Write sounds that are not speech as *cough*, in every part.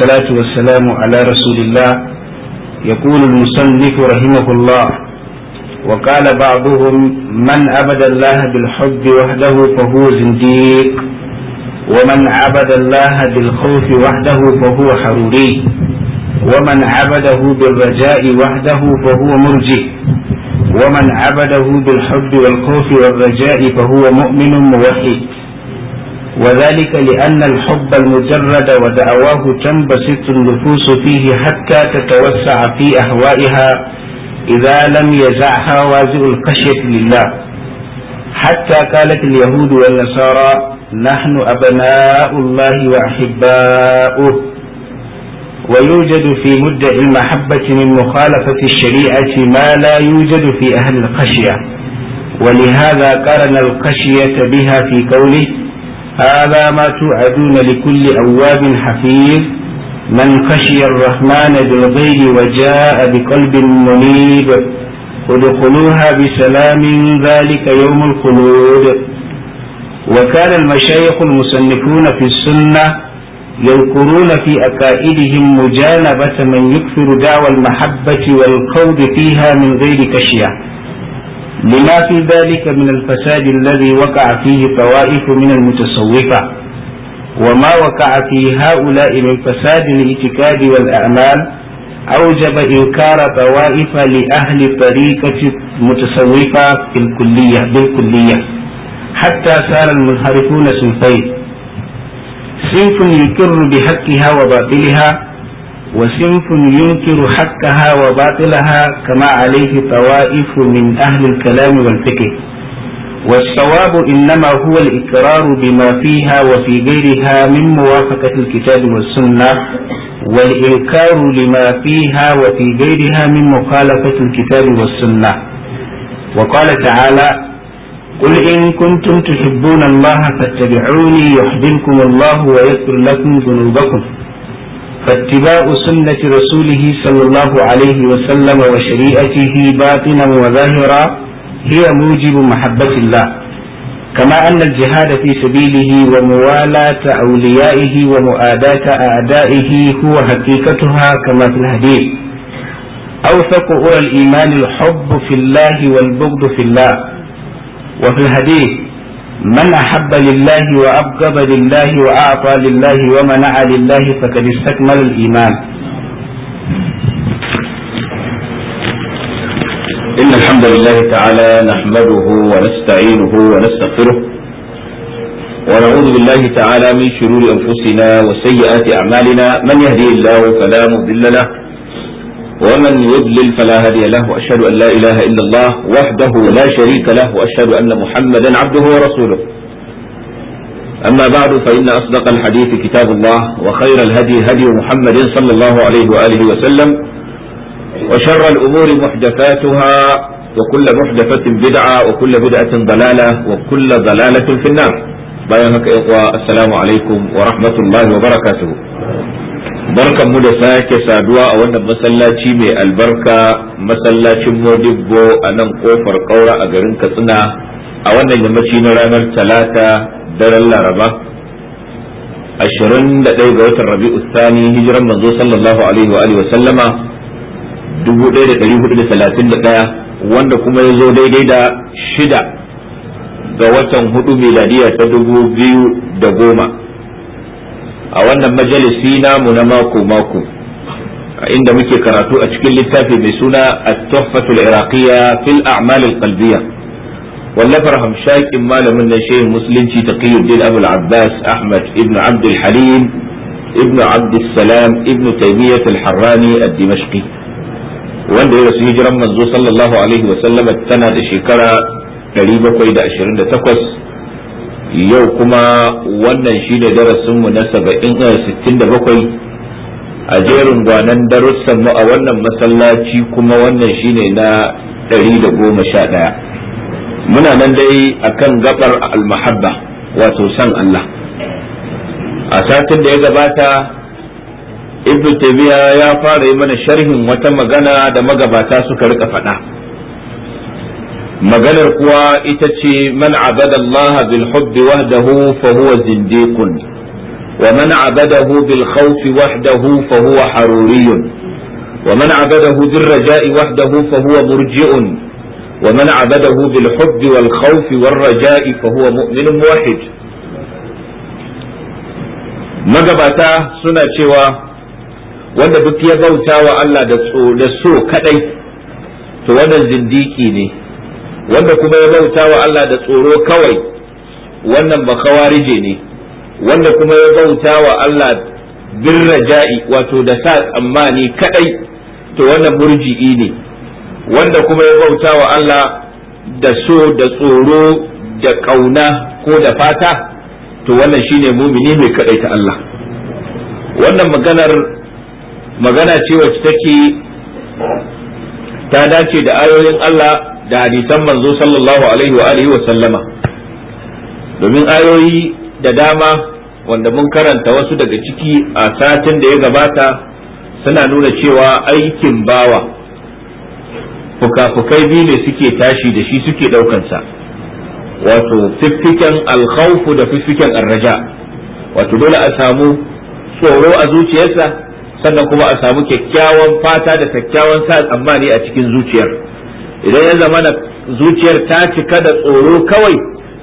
والصلاة والسلام على رسول الله يقول المصنف رحمه الله وقال بعضهم من عبد الله بالحب وحده فهو زنديق ومن عبد الله بالخوف وحده فهو حروري ومن عبده بالرجاء وحده فهو مرجئ ومن عبده بالحب والخوف والرجاء فهو مؤمن موحد وذلك لأن الحب المجرد ودعواه تنبسط النفوس فيه حتى تتوسع في أهوائها إذا لم يزعها وازع الخشية لله حتى قالت اليهود والنصارى نحن أبناء الله وأحباؤه ويوجد في مدة المحبة من مخالفة الشريعة ما لا يوجد في أهل الخشية ولهذا قرن الخشية بها في قوله هذا ما توعدون لكل أواب حفيظ من خشي الرحمن بالغيب وجاء بقلب منيب ادخلوها بسلام ذلك يوم الخلود وكان المشايخ المصنفون في السنة يذكرون في أكائدهم مجانبة من يكثر دعوى المحبة والقود فيها من غير كشية لما في ذلك من الفساد الذي وقع فيه طوائف من المتصوفة وما وقع في هؤلاء من فساد الاعتقاد والأعمال أوجب إنكار طوائف لأهل طريقة المتصوفة بالكلية, بالكلية حتى صار المنحرفون صنفين صنف يقر بحقها وباطلها وصنف ينكر حقها وباطلها كما عليه طوائف من أهل الكلام والفقه والصواب إنما هو الإقرار بما فيها وفي غيرها من موافقة الكتاب والسنة والإنكار لما فيها وفي غيرها من مخالفة الكتاب والسنة وقال تعالى قل إن كنتم تحبون الله فاتبعوني يحببكم الله ويغفر لكم ذنوبكم فاتباع سنة رسوله صلى الله عليه وسلم وشريعته باطنا وظاهرا هي موجب محبة الله كما أن الجهاد في سبيله وموالاة أوليائه ومؤاداة أعدائه هو حقيقتها كما في الحديث أوثق أولى الإيمان الحب في الله والبغض في الله وفي الحديث من أحب لله وأبغض لله وأعطى لله ومنع لله فقد استكمل الإيمان إن الحمد لله تعالى نحمده ونستعينه ونستغفره ونعوذ بالله تعالى من شرور أنفسنا وسيئات أعمالنا من يهدي الله فلا مضل له ومن يضلل فلا هادي له وأشهد أن لا إله إلا الله وحده لا شريك له وأشهد أن محمدا عبده ورسوله أما بعد فإن أصدق الحديث كتاب الله وخير الهدي هدي محمد صلى الله عليه وآله وسلم وشر الأمور محدثاتها وكل محدثة بدعة وكل بدعة ضلالة وكل ضلالة في النار بايعك إخوة السلام عليكم ورحمة الله وبركاته Barkan mu da sake saduwa a wannan masallaci mai albarka masallacin modibbo a nan kofar kaura a garin katsina a wannan yammaci na ranar talata daren laraba 21 ga watan rabi'u sani hijiran manzo sallallahu alaihi wa alihi wa sallama 1431 wanda kuma ya zo daidai da shida ga watan hudu miladiya ta dubu biyu da goma a wannan majalisi namu na mako mako inda muke karatu a cikin littafi mai suna at-tuhfatul iraqiyya fil a'mal al-qalbiyya wallafar hamshakin malamin na shehin musulunci taqiyuddin abul abbas ahmad ibn abd al-halim ibn abd salam ibn taymiyyah al-harrani ad-dimashqi wanda ya rasu hijiran manzo sallallahu alaihi wa sallama tana da shekara 728 yau kuma wannan shi ne darasinmu na saba'in eh, sittin da bakwai a jerin gwanan darussanmu a wannan masallaci kuma wannan shi ne na ɗari da goma sha ɗaya muna nan dai a kan gabar almahabba wato san Allah a satin da ya gabata ibn tabiya ya fara yi mana sharhin wata magana da magabata suka rika faɗa maganar kuwa ita ce man abada Allah bil hubbi wahdahu fa huwa zindiqun wa man abadahu bil khawfi wahdahu fa huwa haruriyun wa man abadahu bir raja'i wahdahu fa huwa murji'un wa man abadahu bil hubbi wal khawfi wal raja'i fa huwa mu'minun muwahhid magabata suna cewa wanda duk ya bauta wa Allah da so kadai to wannan zindiki ne wanda kuma ya bauta wa Allah da tsoro kawai wannan ba kawarije ne wanda kuma ya bauta wa Allah bin raja'i wato da sa tsammani kadai to wannan murji'i ne wanda kuma ya bauta wa Allah da so da tsoro da kauna ko da fata to wannan shine mumini mai kadai ta Allah wannan maganar magana ce wacce take ta dace da ayoyin Allah da hadisan manzo sallallahu alaihi wa alihi wa sallama domin ayoyi da dama wanda mun karanta wasu daga ciki a satin da ya gabata suna nuna cewa aikin bawa fuka-fukai biyu ne suke tashi da shi suke ɗaukansa wato fiffiken alkhawfu da fiffiken arraja wato dole a samu tsoro a zuciyarsa sannan kuma a samu kyakkyawan fata da kyakkyawan sa tsammani a cikin zuciyar idan ya zama na zuciyar ta cika da tsoro kawai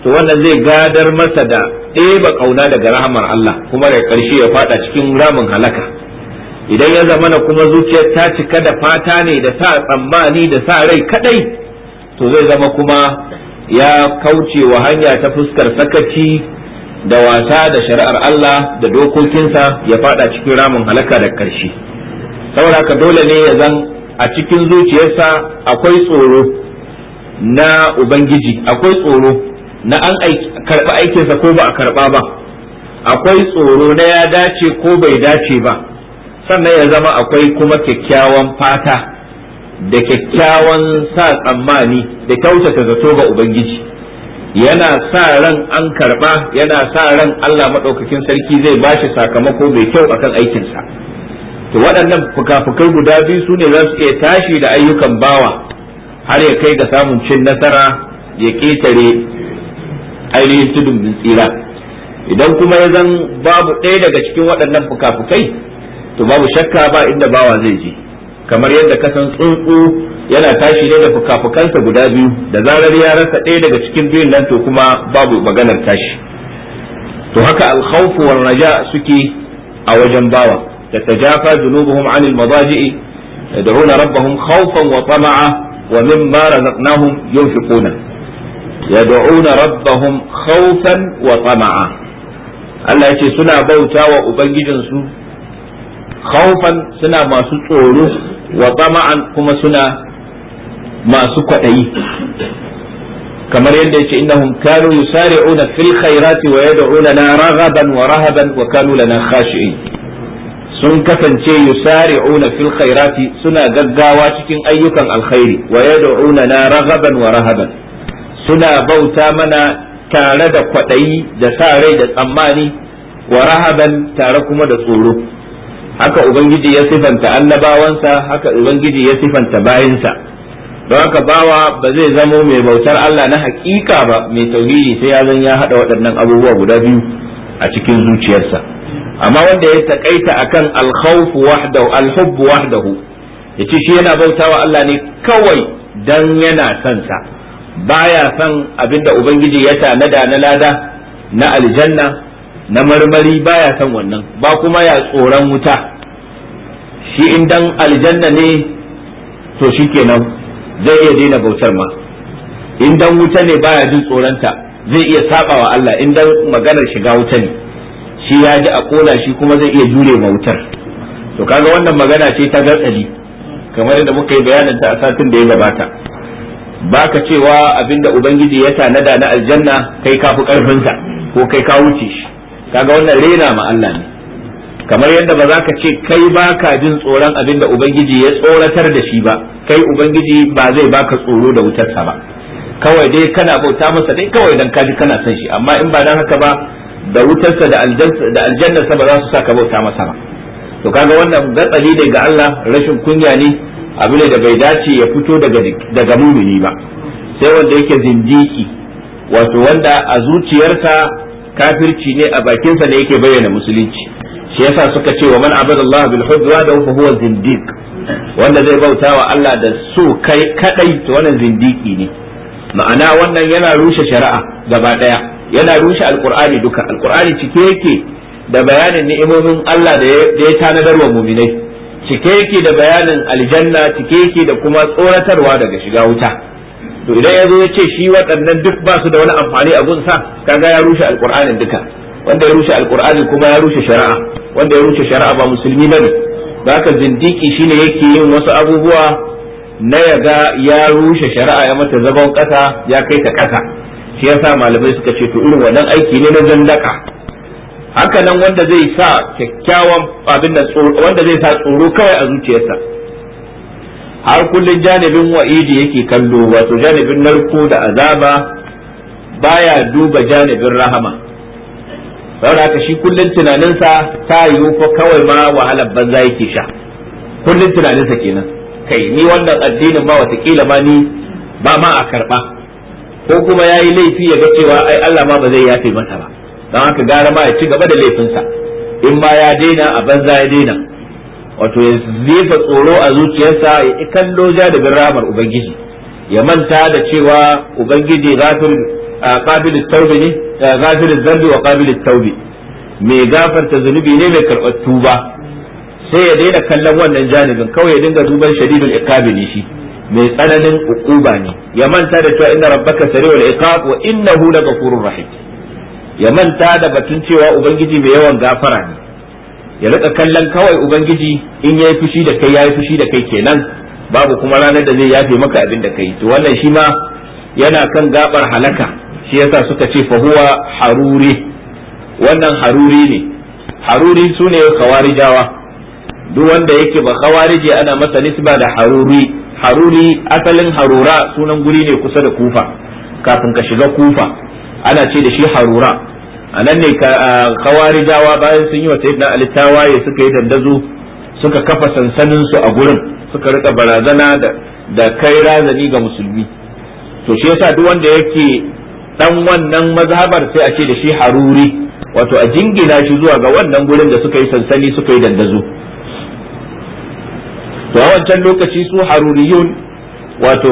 to wannan zai gadar masa da ɗeba ƙauna daga rahamar Allah kuma da ƙarshe ya fada cikin ramin halaka idan ya zama na kuma zuciyar ta cika da fata ne da sa tsammani da sa rai kadai to zai zama kuma ya kauce wa hanya ta fuskar sakaci da wasa da shari'ar Allah da dokokinsa ya fada cikin ramin halaka da ƙarshe saboda haka dole ne ya zan a cikin zuciyarsa akwai tsoro na ubangiji akwai tsoro na an karɓi aikinsa ko ba a karɓa ba akwai tsoro na ya dace ko bai dace ba sannan ya zama akwai kuma kyakkyawan fata da kyakkyawan sa tsammani da kyautata zato ga ubangiji yana sa ran an karɓa yana sa ran allah maɗaukakin sarki zai bashi sakamako mai kyau akan aikinsa to waɗannan fuka-fukai guda biyu su ne za su iya tashi da ayyukan bawa har ya kai ga samun cin nasara ya ƙetare ainihin tudun bin tsira idan kuma ya zan babu ɗaya daga cikin waɗannan fuka-fukai to babu shakka ba inda bawa zai je kamar yadda ka san tsuntsu yana tashi ne da fuka-fukansa guda biyu da zarar ya rasa ɗaya daga cikin biyun nan to kuma babu maganar tashi to haka alkhawfu wal raja suke a wajen bawa تتجافى جنوبهم عن المضاجع يدعون ربهم خوفا وطمعا ومما رزقناهم ينفقون يدعون ربهم خوفا وطمعا الله يقول سنا بوتا وأبنج جنسو خوفا سنا ما سطوله وطمعا كما سنا ما سكتي كما يقول إنهم كانوا يسارعون في الخيرات ويدعوننا رغبا ورهبا وكانوا لنا خاشعين sun kasance yusari'una fil khairati suna gaggawa cikin ayyukan alkhairi wa yad'una na raghaban wa rahaban suna bauta mana tare da kwaɗayi da sa rai da tsammani wa rahaban tare kuma da tsoro haka ubangiji ya sifanta annabawansa haka ubangiji ya sifanta bayinsa don haka bawa ba zai zamo mai bautar Allah na hakika ba mai tauhidi sai ya zan ya hada waɗannan abubuwa guda biyu a cikin zuciyarsa amma wanda ya takaita akan alkhawf wahdahu alhubb wahdahu yace shi yana bautawa Allah ne kawai dan yana son sa baya son abinda ubangiji ya tanada na lada na aljanna na marmari baya son wannan ba kuma ya tsoron wuta shi in dan aljanna ne to shikenan zai iya daina bautar ma in dan wuta ne baya jin tsoronta zai iya sabawa Allah in dan maganar shiga wuta ne shi ya ji a kona shi kuma zai iya jure ma wutar to kaga wannan magana ce ta gatsali kamar yadda muka yi bayanin ta a satin da ya gabata baka cewa abinda ubangiji ya tanada na aljanna kai kafi karfin sa ko kai ka wuce shi kaga wannan rena ma Allah ne kamar yadda ba za ka ce kai baka jin tsoron abinda ubangiji ya tsoratar da shi ba kai ubangiji ba zai baka tsoro da wutarsa ba kawai dai kana bauta masa dai kawai dan kaji kana son shi amma in ba dan haka ba da wutarsa da aljannarsa ba za su sa ka bauta masa ba to kaga wannan gatsali ne ga Allah rashin kunya ne abu ne da bai dace ya fito daga daga mumini ba sai wanda yake zindiki wato wanda a zuciyarsa kafirci ne a bakinsa ne yake bayyana musulunci shi yasa suka ce wa man abadallahi bil hudwa da huwa zindiq wanda zai bauta wa Allah da so kai kadai to wannan zindiki ne ma'ana wannan yana rushe shari'a gaba daya yana rushe alkur'ani duka alkur'ani cike yake da bayanin ni'imomin Allah da ya tanadar wa muminai cike yake da bayanin aljanna cike yake da kuma tsoratarwa daga shiga wuta to idan ya zo ya ce shi waɗannan duk ba su da wani amfani a gunsa kaga ya rushe alkur'ani duka wanda ya rushe alkur'ani kuma ya rushe shari'a wanda ya rushe shari'a ba musulmi bane ka zindiki shine yake yin wasu abubuwa na yaga ya rushe shari'a ya mata zagon ƙasa ya kai ta ƙasa. shi yasa malamai suka ce to irin wannan aiki ne na zan haka nan wanda zai sa kyakkyawan abin da wanda zai sa tsoro kawai a zuciyarsa har kullun janibin wa'idi yake kallo wato janibin narko da azaba baya duba janibin rahama saboda haka shi kullun tunaninsa ta yiwu fa kawai ma wahalar banza yake sha kullun tunaninsa kenan kai ni wannan addinin ba watakila ma ni ba ma a karba ko kuma ya yi laifi ya ga cewa ai Allah ma ba zai yafe masa ba don haka gara ma ya ci gaba da laifinsa in ma ya daina a banza ya daina wato ya zefa tsoro a zuciyarsa ya kallo ja da ramar ubangiji ya manta da cewa ubangiji gafir qabil taubi ne az zambi wa qabil taubi mai gafarta zunubi ne mai karɓar tuba sai ya daina kallon wannan janibin kawai ya dinga duban shadidul iqabi shi mai tsananin ukuba ne ya manta da cewa inna rabbaka sari'ul iqab wa innahu laghafurur rahim ya manta da batun cewa ubangiji mai yawan gafara ne ya rika kallon kawai ubangiji in yayi fushi da kai yayi fushi da kai kenan babu kuma ranar da zai yafe maka abin da kai to wannan shi ma yana kan gabar halaka shi yasa suka ce fa huwa haruri wannan haruri ne haruri sune kawarijawa duk wanda yake ba kawarije ana masa nisba da haruri haruri asalin harura sunan guri ne kusa da kufa kafin ka shiga kufa ana ce da shi harura a nan ne kawari dawa bayan sun yi wa sayyidina ali tawaye suka yi dandazo suka kafa sansanin su a gurin suka rika barazana da da kai razani ga musulmi to shi yasa duk wanda yake dan wannan mazhabar sai a ce da shi haruri wato a jingina shi zuwa ga wannan gurin da suka yi sansani suka yi dandazo to a wancan lokaci su haruriyun wato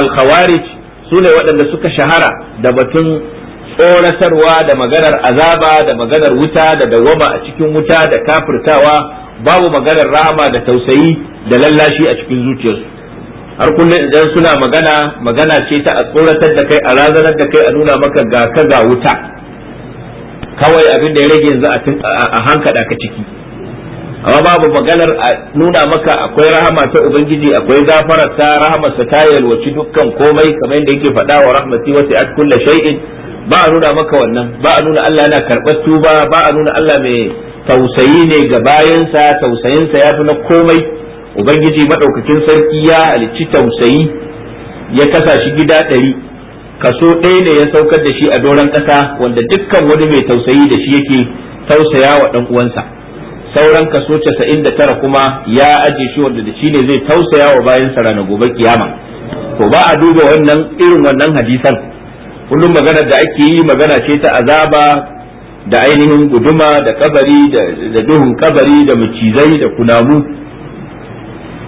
alkhawarij su ne waɗanda suka shahara da batun tsoratarwa da maganar azaba da maganar wuta da dawama a cikin wuta da kafirtawa babu maganar rahama da tausayi da lallashi a cikin zuciyarsu har kullum idan suna magana magana ce ta a tsoratar da kai a razanar da kai a nuna maka ga ka ga wuta kawai abin da ya rage yanzu a hankada ka ciki amma babu maganar a nuna maka akwai rahama ta ubangiji akwai gafarar ta rahamar sa ta yalwaci dukkan komai kamar yadda yake faɗa wa rahmati wasi at kulli shay'in ba a nuna maka wannan ba a nuna Allah yana karɓar tuba ba a nuna Allah mai tausayi ne ga bayansa tausayinsa ya fi na komai ubangiji madaukakin sarki ya halicci tausayi ya kasa shi gida ɗari kaso ɗaya ne ya saukar da shi a doron ƙasa wanda dukkan wani mai tausayi da shi yake tausaya wa ɗan uwansa sauran kaso 99 kuma ya aje shi wanda da shine zai tausaya wa bayan sa ranar gobe kiyama to ba a duba wannan irin wannan hadisan kullum magana da ake yi magana ce ta azaba da ainihin guduma da kabari da duhun kabari da macizai da kunamu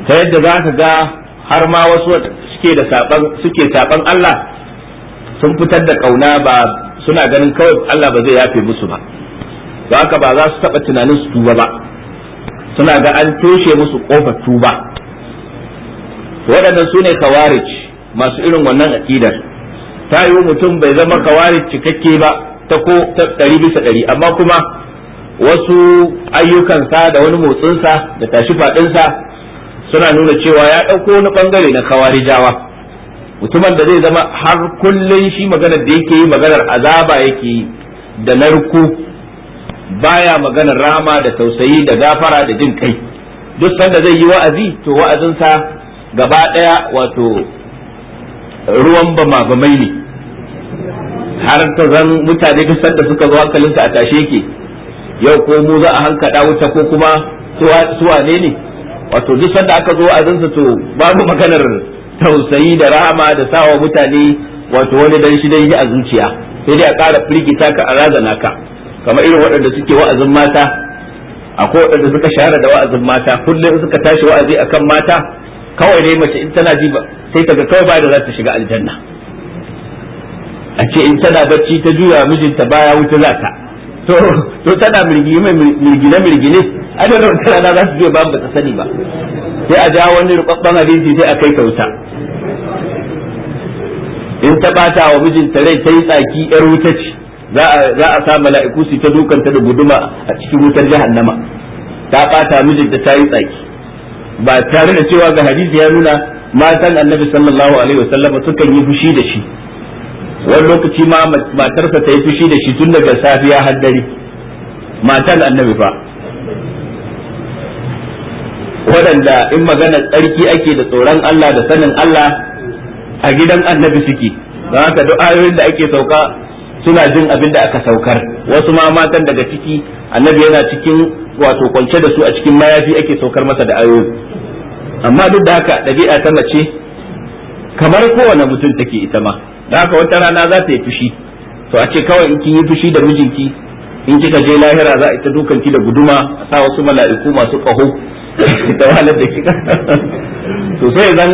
ta yadda za ka ga har ma wasu suke da saban Allah sun fitar da ƙauna ba suna ganin kawai Allah ba zai yafe musu ba haka ba za su taba tunanin su tuba ba suna ga an toshe musu kofar tuba waɗannan su ne kawarij masu irin wannan aƙidar ta yi mutum bai zama kawarij cikakke ba ta ko ta ɗari bisa ɗari amma kuma wasu ayyukansa da wani motsinsa da tashi faɗinsa suna nuna cewa ya ɗauko wani ɓangare na kawarijawa mutumin da zai zama har kullum shi maganar da yake yi maganar azaba yake yi da narku. baya magana rama da tausayi da gafara da jin kai duk sanda zai yi wa'azi to wa'azinsa gaba daya wato ruwan bama-bamai ne har ta zan mutane duk sanda suka zo hankalinsa a tashe ke yau ko mu za a hankada wuta ko kuma suwa ne ne wato duk sanda aka zo wa'azinsa to babu maganar tausayi da rama da sawa mutane wato wani dan shi dai a zuciya sai dai a kara firgita ka a razana ka kamar irin waɗanda suke wa'azin mata akwai waɗanda suka share da wa'azin mata kullum suka tashi wa'azi akan mata kawai ne mace in tana ji sai ta ga kawai ba da za ta shiga aljanna a ce in tana bacci ta juya mijinta baya wuta za ta to to tana mirgine mirgine mirgine a da wata rana za su je ba ba ta sani ba sai a ja wani rubabban hadisi sai a kai ta wuta in ta bata wa mijinta rai ta yi tsaki yar wuta ce za a sa mala'iku su ta dukanta da guduma a cikin wutar jahannama ta bata mijinta ta yi tsaki ba tare da cewa ga hadisi ya nuna matan annabi sallallahu alaihi wasallam sukan yi fushi da shi wani lokaci ma matarsa ta yi fushi da shi tun daga safiya har dare matan annabi fa waɗanda in magana tsarki ake da tsoron Allah da sanin Allah a gidan annabi suke don haka duk ayoyin da ake sauka suna jin abin da aka saukar wasu ma matan daga ciki annabi yana cikin wato kwance da su a cikin mayafi ake saukar masa da ayoyi amma duk da haka ɗabi'a ta mace kamar kowane mutum take ita ma da haka wata rana za ta yi fushi to a ce kawai in kin yi fushi da mijinki in kika je lahira za a ita dukanki da guduma a sa wasu mala'iku masu kaho *laughs* ta wahalar da kika *laughs* to sai zan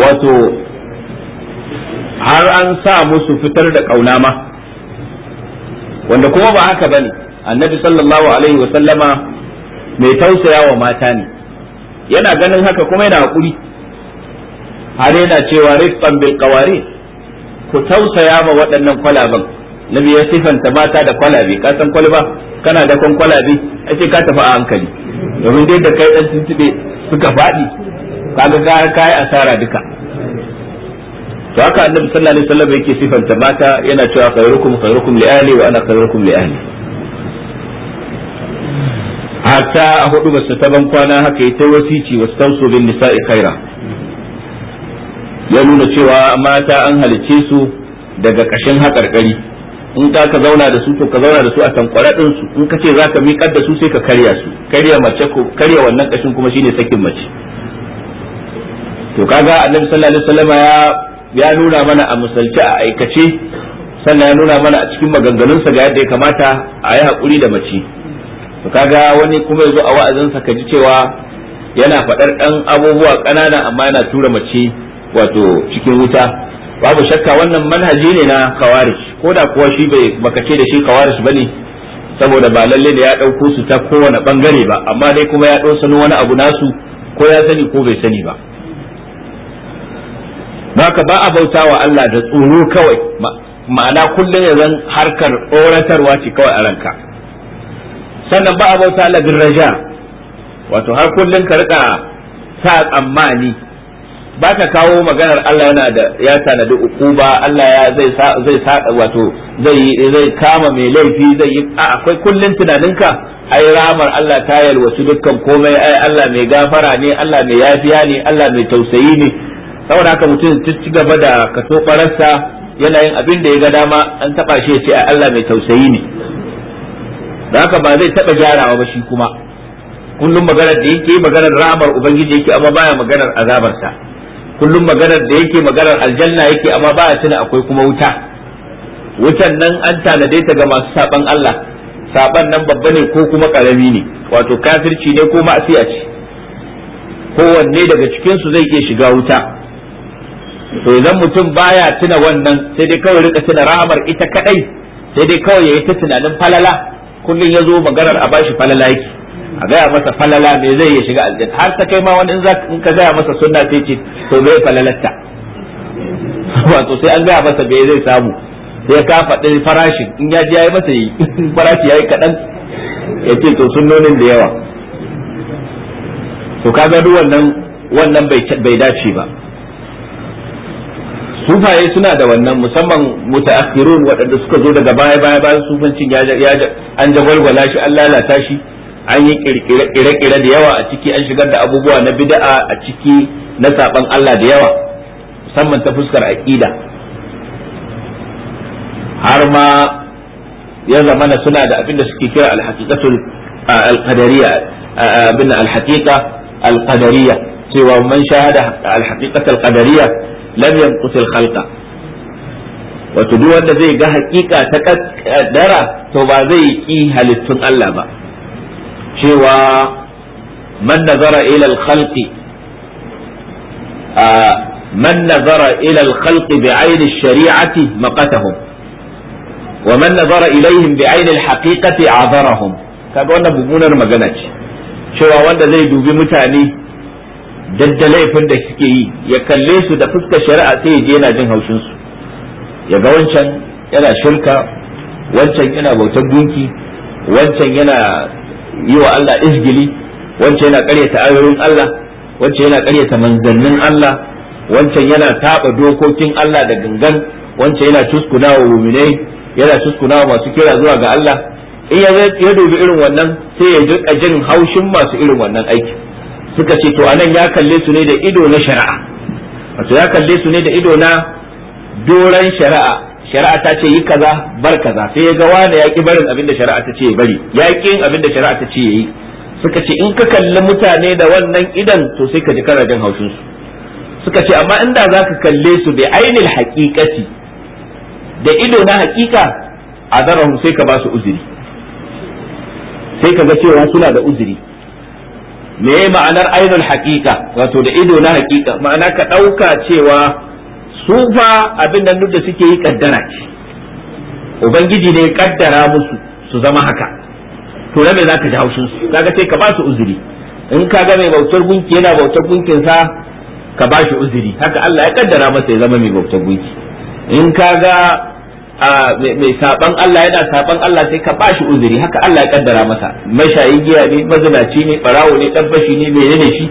wato har an sa musu fitar da kauna ma wanda kuma ba haka bane annabi sallallahu alaihi wa sallama mai tausaya wa mata ne yana ganin haka kuma yana hakuri har yana cewa rifqan bil qawari ku tausaya ma waɗannan kwalaban nabi ya sifanta mata da kwalabe ka san kwalba kana da kon kwalabe ake ka tafi a hankali domin dai da kai dan tuntube suka faɗi kaga ka kai asara duka to haka annabi sallallahu alaihi wasallam yake sifanta mata yana cewa khairukum khairukum li ahli wa ana khairukum li ahli hatta a hudu basu ta ban kwana haka yi ta wasici wasu tausu bin nisa'i khaira ya nuna cewa mata an halicce su daga ƙashin haƙarƙari in ka ka zauna da su to ka zauna da su a tankwara din su in ka ce za ka miƙar da su sai ka karya su karya mace ko karya wannan ƙashin kuma shine sakin mace to kaga annabi sallallahu alaihi wasallam ya ya nuna mana a musalci a aikace sannan ya nuna mana a cikin maganganunsa ga yadda ya kamata a yi haƙuri da mace to kaga wani kuma yazo a wa'azinsa ka ji cewa yana faɗar ɗan abubuwa ƙanana amma yana tura mace wato cikin wuta babu shakka wannan manhaji ne na kawarish ko da kuwa shi bai makace da shi ba ne? saboda ba lalle da ya ɗauko su ta kowane ɓangare ba amma dai kuma ya ɗau wani abu nasu ko ya sani ko bai sani ba haka ba a bauta wa Allah da tsoro kawai ma'ana kullum ya zan harkar tsoratarwa ce kawai a ranka sannan ba a bauta Allah bin raja wato har kullum ka rika sa tsammani ba ka kawo maganar Allah yana da ya tanadi ba Allah ya zai zai sa wato zai zai kama mai laifi zai yi akwai kullum tunaninka ai ramar Allah ta yalwaci dukkan komai ai Allah mai gafara ne Allah mai yafiya ne Allah mai tausayi ne saboda haka mutum ci gaba da kaso fararsa yana yin abin da ya ga dama an taba shi ya ce a Allah mai tausayi ne da haka ba zai taba gyarawa ba shi kuma kullum maganar da yake maganar ra'amar ubangiji yake amma baya maganar azabarsa kullum maganar da yake maganar aljanna yake amma baya tuna akwai kuma wuta wutan nan an tanade ta ga masu saban Allah saban nan babba ne ko kuma karami ne wato kafirci ne ko ma'asiya ce kowanne daga cikinsu zai iya shiga wuta to idan mutum baya tuna wannan sai dai kawai rika tuna ramar ita kadai sai dai kawai yayi ta tunanin falala kullun yazo maganar a bashi falala yake a gaya masa falala me zai ya shiga aljanna har ta kai ma wani in ka gaya masa sunna sai ce to me falalatta *laughs* wato sai an gaya masa me zai samu sai ka faɗi farashin in ya ji yayi masa *laughs* yi farashi yayi kadan ya ce to sunnonin da yawa to kaga duk wannan wannan bai dace ba sufaye suna da wannan musamman mutaakhirun waɗanda suka zo daga baya baya bayan sufancin ya ya an jagwalgwala shi an lalata shi an yi kire-kire da yawa a ciki an shigar da abubuwa na bid'a a ciki na saban Allah da yawa musamman ta fuskar aqida har ma ya zamana suna da abin da suke kira al-haqiqatul al cewa man shahada al qadariyya lam yanqusil khalqa wato duk wanda zai ga hakika ta kaddara to ba zai ki halittun Allah ba cewa man nazara ila al-khalqi man nazara ila al-khalqi bi ayni shari'ati maqatahum wa man nazara ilaihim bi ayni al-haqiqati azarahum kaga wannan mummunar cewa wanda zai dubi mutane daddalaifin da laifin da suke yi ya kalle su da fuskar shari'a sai ya je yana jin haushinsu. su ya ga wancan yana shirka wancan yana bautar gunki wancan yana yi wa Allah izgili wancan yana karyata ayoyin Allah wancan yana karyata manzannin Allah wancan yana taba dokokin Allah da gangan wancan yana cuskuna wa muminai yana cuskuna wa masu kira zuwa ga Allah in ya dubi irin wannan sai ya jin haushin masu irin wannan aikin suka ce to anan ya kalle su ne da ido na shari'a wato ya kalle su ne da ido na doran shari'a shari'a ta ce yi kaza bar kaza sai ya ga wani ya ki barin abin da shari'a ta ce ya bari ya ki abin shari'a ta ce ya suka ce in ka kalli mutane da wannan idan to sai ka ji kana jin haushin su suka ce amma inda za ka kalle su bai ainil haqiqati da ido na haqiqa adarahum sai ka ba su uzuri sai ka ga cewa suna da uzuri me ma'anar ainul haqiqa wato da ido na haqiqa ma'ana ka ɗauka cewa su fa abin nan duk da suke yi kaddara ce ubangiji ne kaddara musu su zama haka to rabe zaka ji haushin su kaga sai ka ba su uzuri in ka ga mai bautar gunki yana bautar gunkin sa ka ba shi uzuri haka Allah ya kaddara masa ya zama mai bautar gunki in ka ga. mai saban Allah yana saban Allah sai ka bashi uzuri haka Allah ya kaddara masa mashayi giya ne mazinaci ne barawo ne tabbashi ne menene shi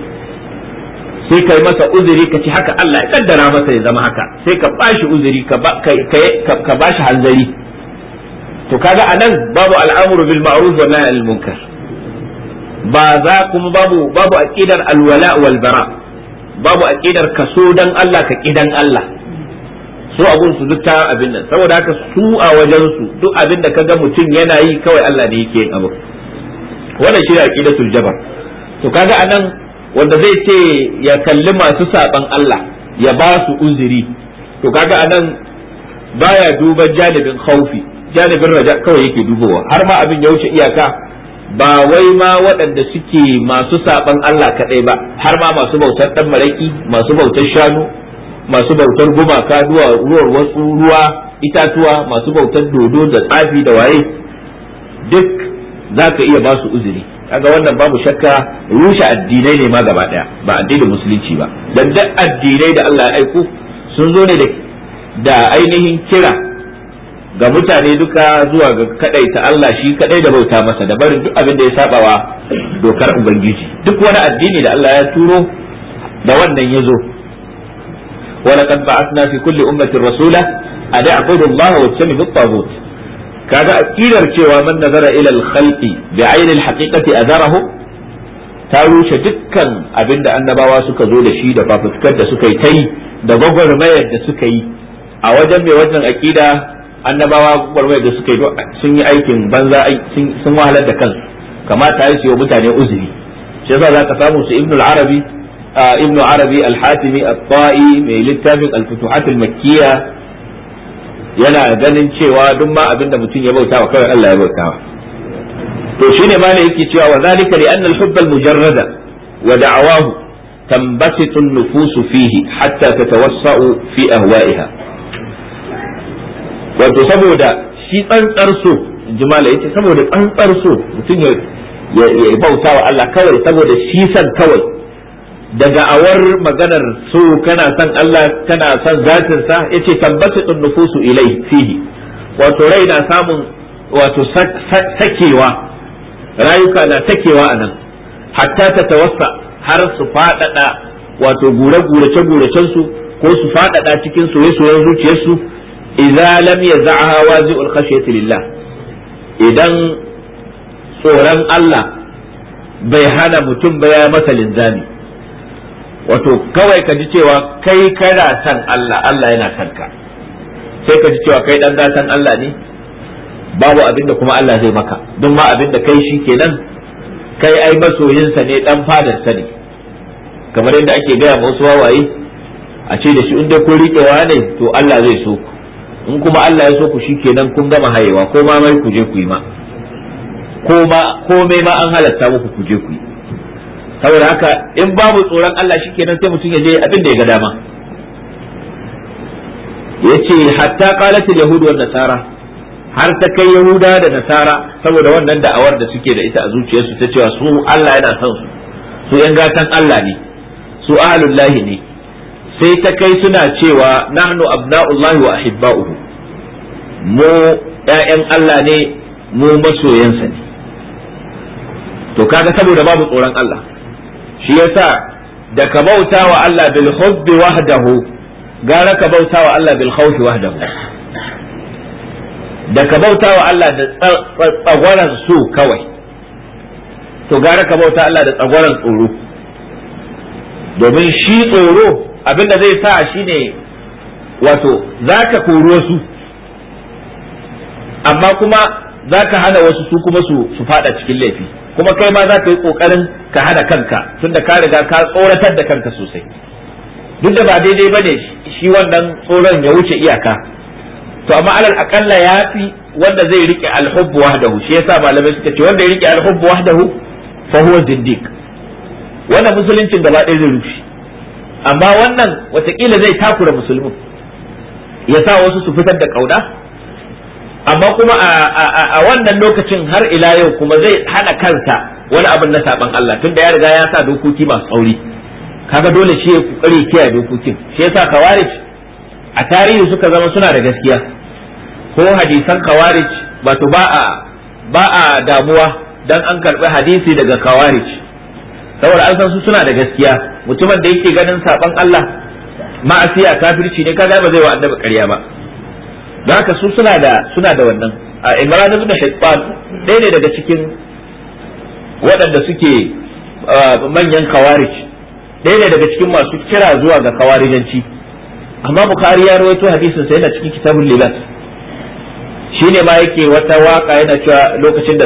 sai kai masa uzuri ka ci haka Allah ya kaddara masa ya zama haka sai ka bashi uzuri ka bashi hanzari to kaga anan babu al'amuru bil ma'ruf wa nahy anil munkar ba za kuma babu babu aqidar alwala wal bara babu aqidar kaso dan Allah ka kidan Allah su abun su duk ta abin nan saboda haka su a wajen su duk abin da kaga mutum yana yi kawai Allah ne yake yin abin wannan shi ne aqidatul jabar to kaga anan wanda zai ce ya kalli masu saban Allah ya ba su uzuri to kaga anan baya duba janibin khaufi janibin raja kawai yake dubowa har ma abin ya wuce iyaka ba wai ma waɗanda suke masu saban Allah kadai ba har ma masu bautar dan maraki masu bautar shanu masu bautar gumaka duwar wasu ruwa itatuwa masu bautar dodo da tsafi da waye duk za ka iya ba su uzuri kaga wannan babu shakka rushe addinai ne ma gaba daya ba addinin musulunci ba dan duk addinai da Allah ya aiko sun zo ne da ainihin kira ga mutane duka zuwa ga ta Allah shi kadai da bauta masa da barin duk abin da ya sabawa dokar ubangiji duk wani addini da Allah ya turo da wannan ya zo ولقد بعثنا في كل أمة رسولا أن اعبدوا الله واجتنبوا الطاغوت kaga aqidar cewa man nazara ila al-khalqi bi ayni al a zarahu? ta rushe dukkan abinda annabawa suka zo da shi da fafuskar da suka yi ta yi da gwagwarmayar da suka yi a wajen mai wajen aqida annabawa gwagwarmayar da suka sun yi aikin banza sun wahalar da kansu kamata ya yi mutane uzuri shi yasa zaka samu su ibnul arabi ibn arabi al-hatimi at mai littafin al-futuhat al-makkiyya yana ganin cewa duk ma abinda mutum ya bautawa kawai Allah ya bautawa to shine ma ne yake cewa wa zalika li anna al-hubb al-mujarrada wa da'awahu tanbasitu an-nufus fihi hatta tatawassa'u fi ahwa'iha wato saboda shi tsantsar so jimala yace saboda tsantsar so mutum ya bauta wa Allah kawai saboda shi san kawai daga awar maganar su kana son Allah kana son zatinsa yace tabbatu nufusu ilai fihi wato rai na samun wato sakewa rayuka na sakewa anan hatta ta tawassa har su faɗaɗa wato gure gurace guracen su ko su faɗaɗa cikin soye soyen zuciyarsu idza lam yaz'aha wazi'ul khashyati lillah idan tsoron Allah bai hana mutum ba ya masa linzami wato kawai ka ji cewa kai kana san Allah Allah yana san ka sai ka ji cewa kai dan gatan Allah ne babu abin da kuma Allah zai maka don ma abin da kai shi kenan kai ai masoyinsa ne dan sa ne kamar yadda ake gaya ma wasu wawaye a ce da shi in dai riƙewa ne to Allah zai so ku in kuma Allah ya so ku shi kenan kun gama hayewa ko ma mai ku je ku yi ma ko ma komai ma an halatta muku ku je ku yi saboda haka in babu tsoron Allah shikenan sai mutum ya je abin da ya ga dama yace hatta qalat yahud wa nasara har ta kai yahuda da nasara saboda wannan da'awar da suke da ita a zuciyarsu ta cewa su Allah yana son su su yan gatan Allah ne su ahlullahi ne sai ta kai suna cewa nahnu abna'ullahi wa ahibba'uhu mu ƴaƴan Allah ne mu masoyansa ne to kaga saboda babu tsoron Allah shi yasa da ka bauta wa Allah bil hubbi wahdahu gara ka bauta wa Allah bil khawfi wahdahu da ka bauta wa Allah da tsagwaran su kawai to gara ka bauta Allah da tsagwaran tsoro domin shi tsoro abinda zai sa shine wato za ka kori su amma kuma za ka hana wasu su kuma su fada cikin laifi kuma kai ma za ka yi kokarin ka hada kanka tunda ka riga ka tsoratar da kanka sosai duk da ba daidai bane shi wannan tsoron ya wuce iyaka to amma alal akalla ya fi wanda zai rike alhubbu wahdahu shi yasa malamai suka ce wanda ya rike alhubbu wahdahu fa huwa zindiq wannan musuluncin gaba ɗaya zai rushe amma wannan watakila zai takura musulmi ya sa wasu su fitar da kauna amma kuma a wannan lokacin har ila yau kuma zai hana kansa wani abin na saban Allah tunda ya riga ya sa dokoki masu tsauri kaga dole shi ya kokari kiya dokokin shi yasa kawarij a tarihi suka zama suna da gaskiya ko hadisan kawarij wato ba a ba a damuwa dan an karbi hadisi daga kawarij saboda an san su suna da gaskiya mutumin da yake ganin saban Allah ma'asiya kafirci ne kaga ba zai wa annabi ƙarya ba da haka su suna da suna da wannan a imran ibn hisban ɗaya ne daga cikin waɗanda suke manyan kawarij ɗaya ne daga cikin masu kira zuwa ga kawarijanci amma bukhari ya rawaito hadisin sa yana cikin kitabul libas shine ma yake wata waka yana cewa lokacin da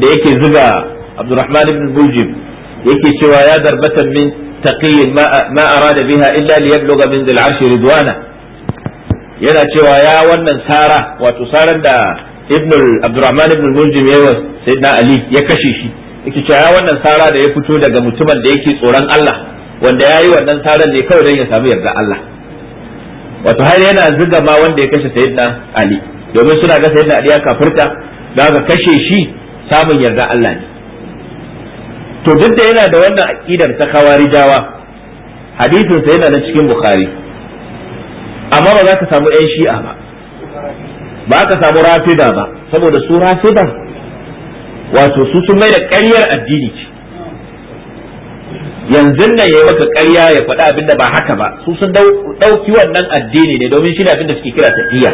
da yake zuga abdurrahman ibn buljib yake cewa ya darbatan min taqiyin ma arada biha illa liyablugha min dhil arshi ridwana yana cewa ya wannan sara wato saran da ibnu abdurrahman ibnu muljim yayi wa sayyidina ali ya kashe shi yake cewa ya wannan sara da ya fito daga mutumin da yake tsoron Allah wanda yayi wannan saran ne kawai don ya samu yarda Allah wato har yana zuga ma wanda ya kashe sayyidina ali domin suna ga sayyidina ali ya kafirta za ka kashe shi samun yarda Allah ne to duk da yana da wannan aqidar ta kawarijawa hadisin sa yana cikin bukhari amma ba za ka samu yan shi'a ba ba ka samu rafida ba saboda su rafida wato su sun mai da ƙaryar addini ce yanzu nan ya yi maka ƙarya ya faɗa abin da ba haka ba su sun ɗauki wannan addini ne domin shi ne abin da suke kira tafiya.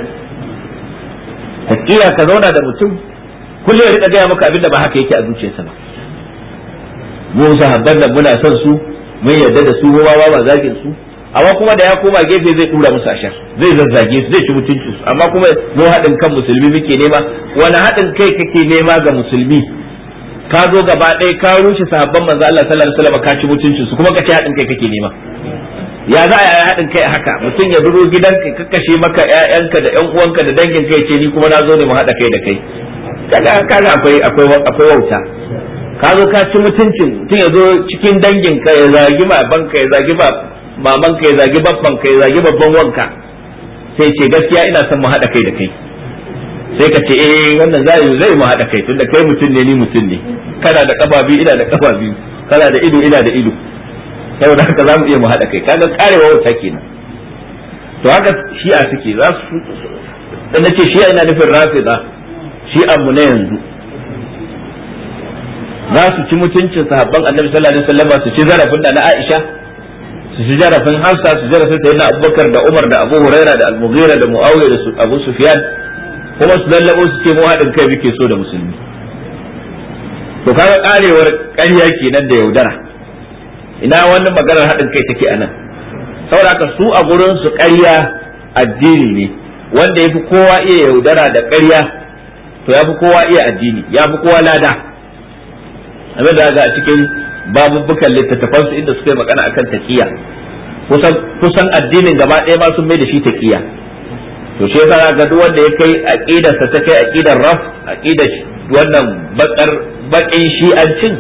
Tafiya ka zauna da mutum kullum ya riƙa gaya maka abin da ba haka yake a zuciyarsa ba mu sahabban nan muna son su mun yarda da su ba ba zagin su amma kuma da ya koma gefe zai dura musu ashar zai zazzage su zai ci mutuncin su amma kuma mu haɗin kan musulmi muke nema wani haɗin kai kake nema ga musulmi ka zo gaba ɗaya ka rushe sahabban manzo Allah sallallahu alaihi wasallam ka ci mutuncin su kuma ka ce haɗin kai kake nema ya za a yi haɗin kai haka mutum ya duro gidanka ka kashe maka ƴaƴanka da ƴan uwanka da dangin kai ce ni kuma na zo ne mu haɗa kai da kai kaga kaga akwai akwai akwai wauta ka zo ka ci mutuncin mutum ya zo cikin dangin ka ya zagi ma banka ya zagi ma maman ka ya zagi babban ka ya zagi babban wanka sai ce gaskiya ina son mu haɗa kai da kai sai ka ce eh wannan zai zai mu haɗa kai tunda kai mutum ne ni mutum ne kana da kababi biyu ina da kababi biyu kana da ido ina da ido saboda haka za mu iya mu haɗa kai kaga karewa wata kenan to haka shi'a suke za su dan nace shi'a ina nufin rafida shi mu ne yanzu za su ci mutuncin sahabban annabi sallallahu alaihi wasallam su ci zarafin da na Aisha Su sujada sun hafsa sujada sun sayyidina abubakar da umar da abu huraira da al da muawiya da abu sufyan kuma su lallabo su ce mu haɗin kai muke so da musulmi to kaga karewar ƙarya kenan da yaudara ina wani maganar haɗin kai take anan saboda haka su a gurin su karya addini ne wanda yafi kowa iya yaudara da ƙarya to yafi kowa iya addini yafi kowa lada abin da ga cikin babubukan littattafan su inda suka yi magana akan taqiya kusan kusan addinin gaba ɗaya ma sun mai da shi taqiya to shi yasa ga duk wanda ya kai aqidar sa ta kai aqidar raf aqidar wannan bakar bakin shi'ancin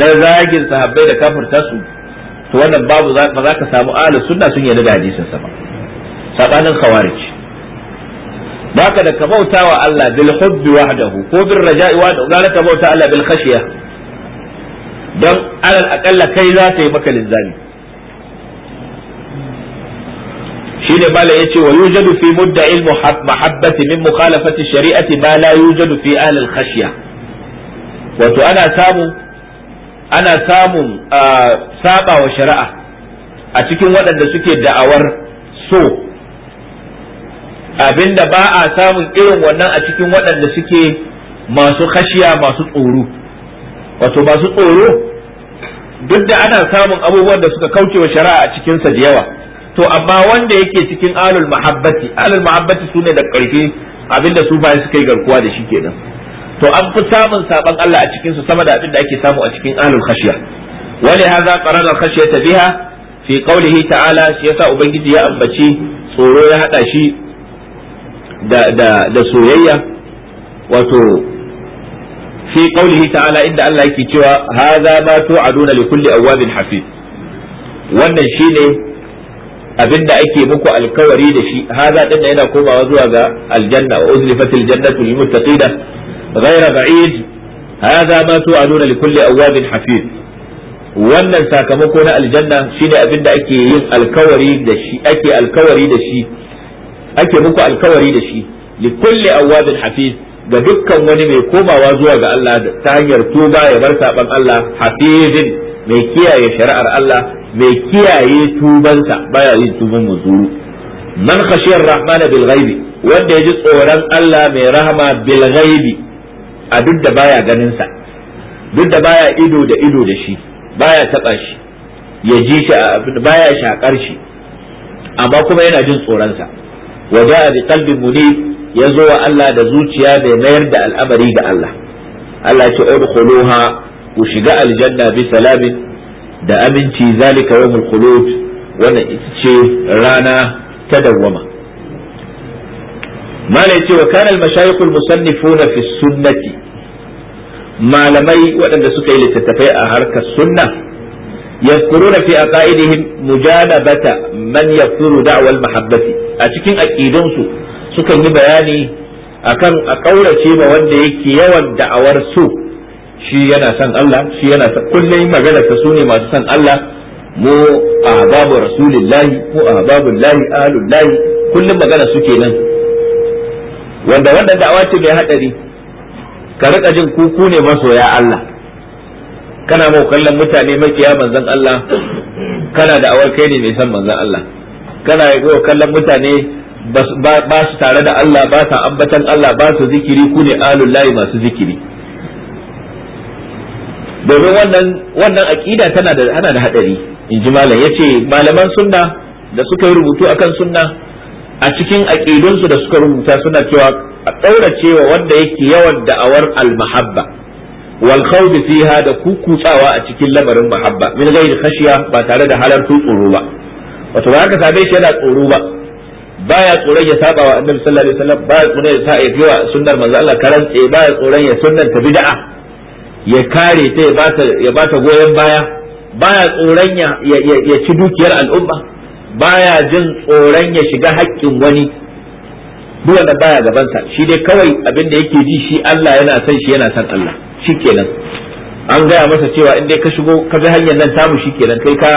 na zagin sahabbai da kafirta su to wannan babu ba za ka samu ahlus sunna sun yarda da hadisin sa ba sabanin khawarij baka da ka bautawa Allah bil hubbi wahdahu ko bil raja'i wahdahu da ka bauta Allah bil khashiyah don alal akalla kai za ta yi maka linzami shi ne bala ya ce wa yujadu fi mudda ilmu mahabbati min mukhalafati shari'ati ma la yujadu fi alal khashiya wato ana samu ana samun saba wa shari'a a cikin waɗanda suke da'awar so abinda ba a samun irin wannan a cikin waɗanda suke masu khashiya masu tsoro wato masu tsoro duk da ana samun abubuwan da suka kauce wa shari'a a cikin sa da yawa to amma wanda yake cikin alul muhabbati alul mahabbati sune da karfi abinda su bayan suka yi garkuwa da shi kenan to an fi samun saban Allah a cikin su sama da abin da ake samu a cikin alul khashiya wani haza qarar al khashiyata biha fi qawlihi ta'ala shi yasa ubangiji ya ambaci tsoro ya hada shi da da da soyayya wato fi qaulihi ta'ala inda Allah yake cewa hadha ma tu'aduna li kulli awabin hafiz wannan shine abinda ake muku alkawari da shi hadha din yana komawa zuwa ga aljanna wa uzlifatil jannatu lil muttaqina ghayra ba'id awabin wannan sakamako na aljanna shine abinda ake yin alkawari da shi ake alkawari da shi ake muku alkawari da shi li kulli awabin hafiz ga dukkan wani mai komawa zuwa ga Allah ta hanyar tuba ya bar saban Allah hafizin mai kiyaye shari'ar Allah mai kiyaye tubansa baya yin tuban mazuru. man khashiyar rahmana bil ghaibi wanda ya ji tsoron Allah mai rahama bil ghaibi a duk da baya ganin sa duk da baya ido da ido da shi baya taba shi ya ji shi baya shakar shi amma kuma yana jin tsoron sa wa ja'a bi qalbin munib ya zo wa Allah da zuciya bai mayar da al'amari ga Allah Allah ce udkhuluha ku shiga aljanna bi salamin da aminci zalika yawmul khulud wannan ita ce rana ta dawwama mala cewa wa kana al-mashayikh musannifuna fi sunnati malamai waɗanda suka yi littattafai a harkar sunna fi a عقائدهم مجانبة من يذكر دعوى a cikin أكيدون sukan yi bayani akan a kaurace ma wanda yake yawan da'awar su shi yana son Allah shi yana san kullum magana ta sune masu son Allah mu ahbabu rasulillahi mu ahlul llahi kullum magana su nan. wanda wannan da'awa ce mai hadari ka rika jin kuku ne masoya Allah kana mu kallon mutane makiya manzon Allah kana da'awar kai ne mai san manzon Allah kana yi kallon mutane ba su tare da Allah ba su ambatan Allah ba su zikiri ku ne alul masu zikiri domin wannan wannan aqida tana da ana da hadari in ji malam yace malaman sunna da suka yi rubutu akan sunna a cikin su da suka rubuta suna cewa a cewa wanda yake yawan da'awar al-mahabba wal khawd fiha da kukutsawa a cikin labarin mahabba min ghairi khashiya ba tare da halartu tsoro ba wato ba ka same shi yana tsoro ba baya tsoron ya saba wa annabi sallallahu alaihi wasallam baya tsoron ya sa ya biwa sunnar manzo Allah karantse baya tsoron ya sunnar ta bid'a ya kare ta ya bata ya bata goyen baya baya tsoron ya ya ci dukiyar al'umma baya jin tsoron ya shiga haƙƙin wani duk wanda baya sa. shi dai kawai abin da yake ji shi Allah yana san shi yana son Allah shikenan an gaya masa cewa in dai ka shigo ka ga hanyar nan tamu shikenan kai ka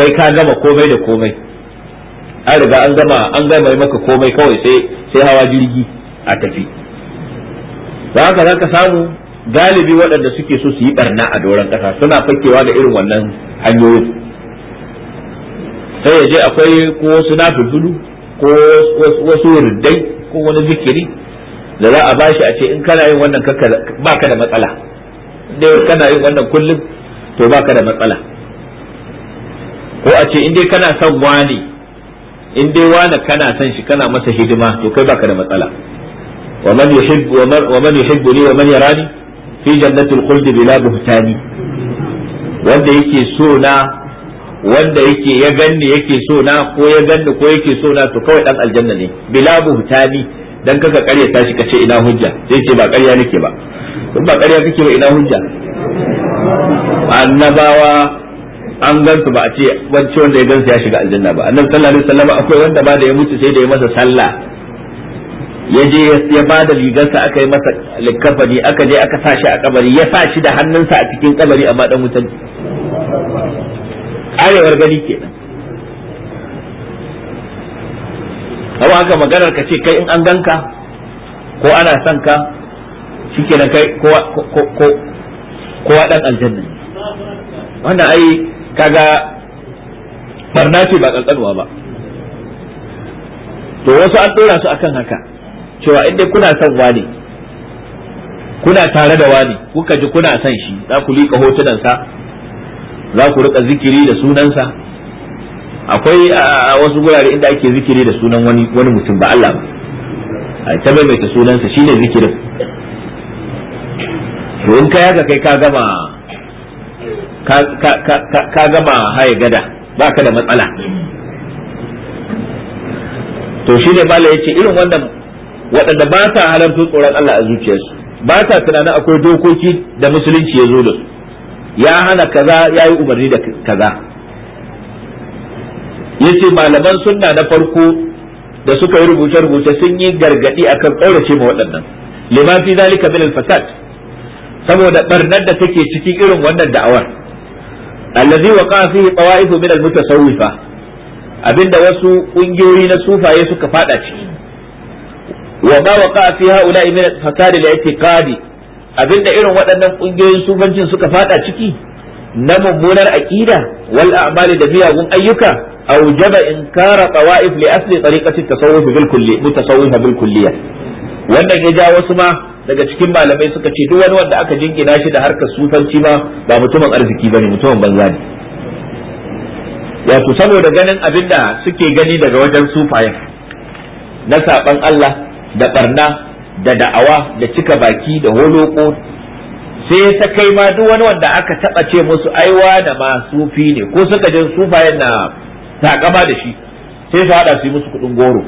kai ka gama komai da komai an riga an gama an gama maka komai kawai sai sai hawa jirgi a tafi ba haka za ka samu galibi waɗanda suke so su yi barna a doron ƙasa suna fakewa da irin wannan hanyoyin sai ya je akwai ko wasu nafilfulu ko wasu riddai ko wani zikiri da za a bashi a ce in kana yin wannan baka da matsala dai kana yin wannan kullum to baka da matsala ko a ce in dai kana son wani in dai wani kana son shi kana masa hidima to kai baka da matsala wa man yuhibbu wa man wa man yarani fi jannatil khuld bila buhtani wanda yake so na wanda yake ya ganni yake so na ko ya ganni ko yake so na to kawai dan aljanna ne bila buhtani dan kaka karya ta shi kace ina hujja sai ce ba karya nake ba in ba karya kake ba ina hujja annabawa an gansu ba a ce wacce wanda ya gansu ya shiga aljanna ba annabi sallallahu alaihi wasallam akwai wanda ba da ya mutu sai da ya masa sallah ya je ya ba da rigarsa aka yi masa likafani aka je aka sa shi a kabari ya sa shi da hannunsa a cikin kabari amma dan wutan arewar gani kenan awa haka maganar ka ce kai in an ganka ko ana son ka shikenan kai kowa kowa dan aljanna wannan ai kaga barna ce ba kankanuwa ba to wasu an dora su akan haka cewa inda kuna son wani kuna tare da wani kuka ji kuna son shi za ku liƙa hotunansa za ku riƙa zikiri da sunansa akwai a wasu gurare inda ake zikiri da sunan wani mutum ba Allah ba a ta maimaita sunansa shine zikirin to in ka yaka kai ka gama ka gama haye gada ba ka da matsala to shi ne mala yace irin wannan waɗanda ba sa halartar tsoron Allah a zuciyarsu ba sa tunanin akwai dokoki da musulunci ya zo da su ya hana kaza ya yi umarni da kaza yace malaman sunna na farko da suka yi rubuce-rubuce sun yi gargadi akan ƙaurace ma waɗannan lima fi zalika min al-fasad saboda ɓarnar da take cikin irin wannan da'awar allazi waqa fihi tawa'if min al abinda wasu ƙungiyoyi na sufaye suka fada ciki wa ma waqa fi ha'ula'i min fasad al-i'tiqadi abinda irin waɗannan ƙungiyoyin sufancin suka fada ciki na mummunar aqida wal a'mali da miyagun ayyuka awjaba inkara tawa'if li asli tariqati at-tasawwuf bil kulli mutasawwifa bil kulliyah wannan ya ja wasu ma daga cikin malamai suka ce duk wani wanda aka jingina shi da harkar sufanci ma ba mutumin arziki ba ne, mutumin banza ne wato saboda ganin abin da suke gani daga wajen sufaye na saban Allah da barna da da'awa da cika baki da holoko sai ta kai ma duk wani wanda aka taba ce musu aiwa da ma sufi ne ko suka je sufayen na takama da shi sai su hada su yi musu kudin goro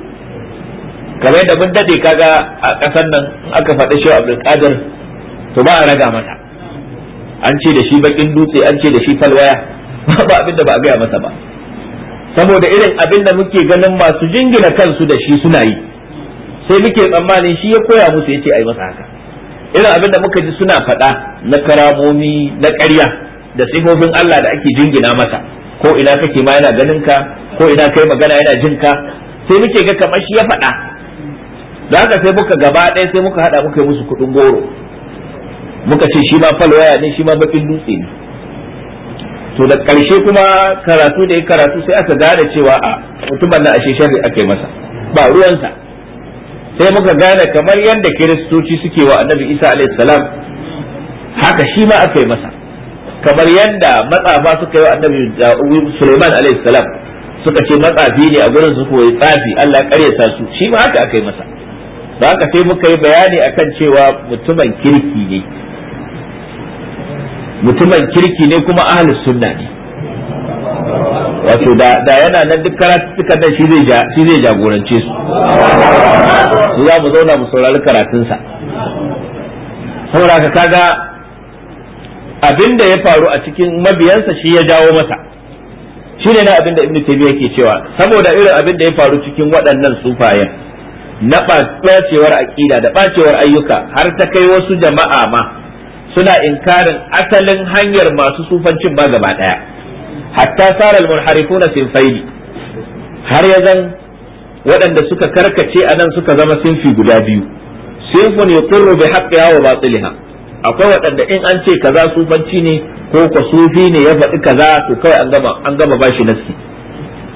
kamar yadda mun dade kaga a kasar nan in aka faɗi shi Abdul Qadir to ba a raga masa an ce da shi bakin dutse an ce da shi falwaya *laughs* ba abin da ba a gaya masa ba saboda irin abin da muke ganin masu jingina kansu da shi suna yi sai muke tsammanin shi ya koya musu ya ce a yi masa haka irin abin da muka ji suna faɗa na karamomi na ƙarya da sifofin Allah da ake jingina masa ko ina kake ma yana ganin ka ko ina kai magana yana jinka, sai muke ga kamar shi ya faɗa da haka sai muka gaba ɗaya sai muka haɗa muka yi musu kuɗin goro muka ce shi ma falwaya ne shi ma baƙin dutse ne to da ƙarshe kuma karatu da ya karatu sai aka gane cewa a mutumin nan ashe sharri ake masa ba ruwansa sai muka gane kamar yadda kiristoci suke wa annabi isa alayhi salam haka shi ma aka yi masa kamar yadda matsafa suka yi wa annabi uh, suleiman alayhi salam suka ce matsafi ne a gurin su koyi tsafi Allah ya karyata su shi ma haka aka yi masa da haka sai muka yi bayani akan cewa mutumin kirki ne mutumin kirki ne kuma ahalus sunna ne wato da yana nan duk karatuka nan shi zai jagorance su su za mu zauna mu saurari karatunsa saboda ka kaga abin da ya faru a cikin mabiyansa shi ya jawo masa shi ne na abin da Ibn taymiya ke cewa saboda irin abin da ya faru cikin waɗannan sufayen na ɓacewar aƙida da ɓacewar ayyuka har ta kai wasu jama'a ma suna inkarin asalin hanyar masu sufancin ba gaba ɗaya hatta sara almunharifuna sinfaini har ya zan waɗanda suka karkace a nan suka zama sinfi guda biyu sinfun yuqirru bi haqqiha wa batiliha akwai waɗanda in an ce kaza sufanci ne ko ko sufi ne ya faɗi kaza to kawai an gama an gama bashi nassi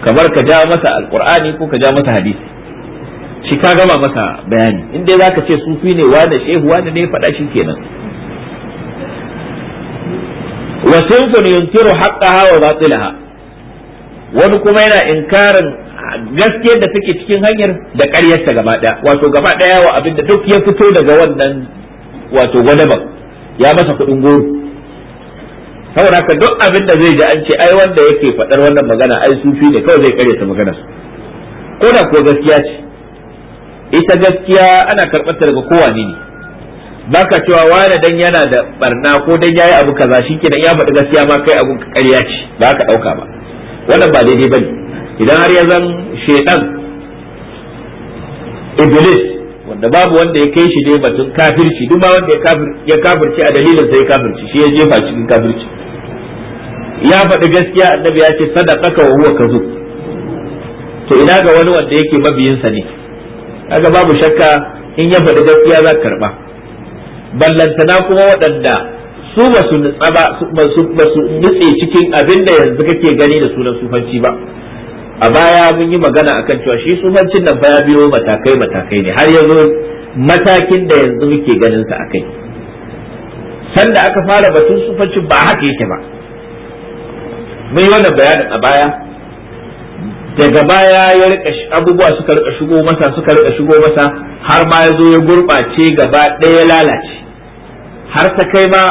kamar ka ja masa alqur'ani ko ka ja masa hadisi shi ka gama masa bayani in dai zaka ce sufi ne wa da shehu wanda ne faɗa shi kenan wa sunfun yunkiru haqqaha wa batilaha wani kuma yana inkarin gaskiyar da take cikin hanyar da ta gaba ɗaya wato gaba ɗaya wa abin da duk ya fito daga wannan wato gwadaban ya masa kuɗin goro saboda ka duk abin da zai ji an ce ai wanda yake faɗar wannan magana ai sufi ne kawai zai ta magana ko da ko gaskiya ce ita gaskiya ana karɓar ta daga kowa ne ba ka cewa wane dan yana da barna ko dan yayi abu kaza ke ya faɗi gaskiya ma kai abu ƙarya ce ba ka ɗauka ba wannan ba daidai bane idan har ya zan shaidan iblis wanda babu wanda ya kai shi ne batun kafirci duk ma wanda ya kafirci a dalilin sai kafirci shi ya jefa cikin kafirci ya faɗi gaskiya annabi ya ce sadaqaka wa huwa kazub to ina ga wani wanda yake mabiyinsa ne kaga babu shakka in ya faɗi gaskiya za ka karba ballantana kuma waɗanda su ba su nutsa ba ba su nutse cikin abin da yanzu kake gani da sunan sufanci ba a baya mun yi magana akan cewa shi sufancin nan baya biyo matakai matakai ne har yanzu matakin da yanzu muke ganin sa akai sanda aka fara batun sufancin ba haka yake ba mun yi wannan bayanin a baya daga baya ya rika abubuwa suka rika shigo masa suka rika shigo masa har ma ya zo ya gurɓace gaba ɗaya ya lalace har ta kai ma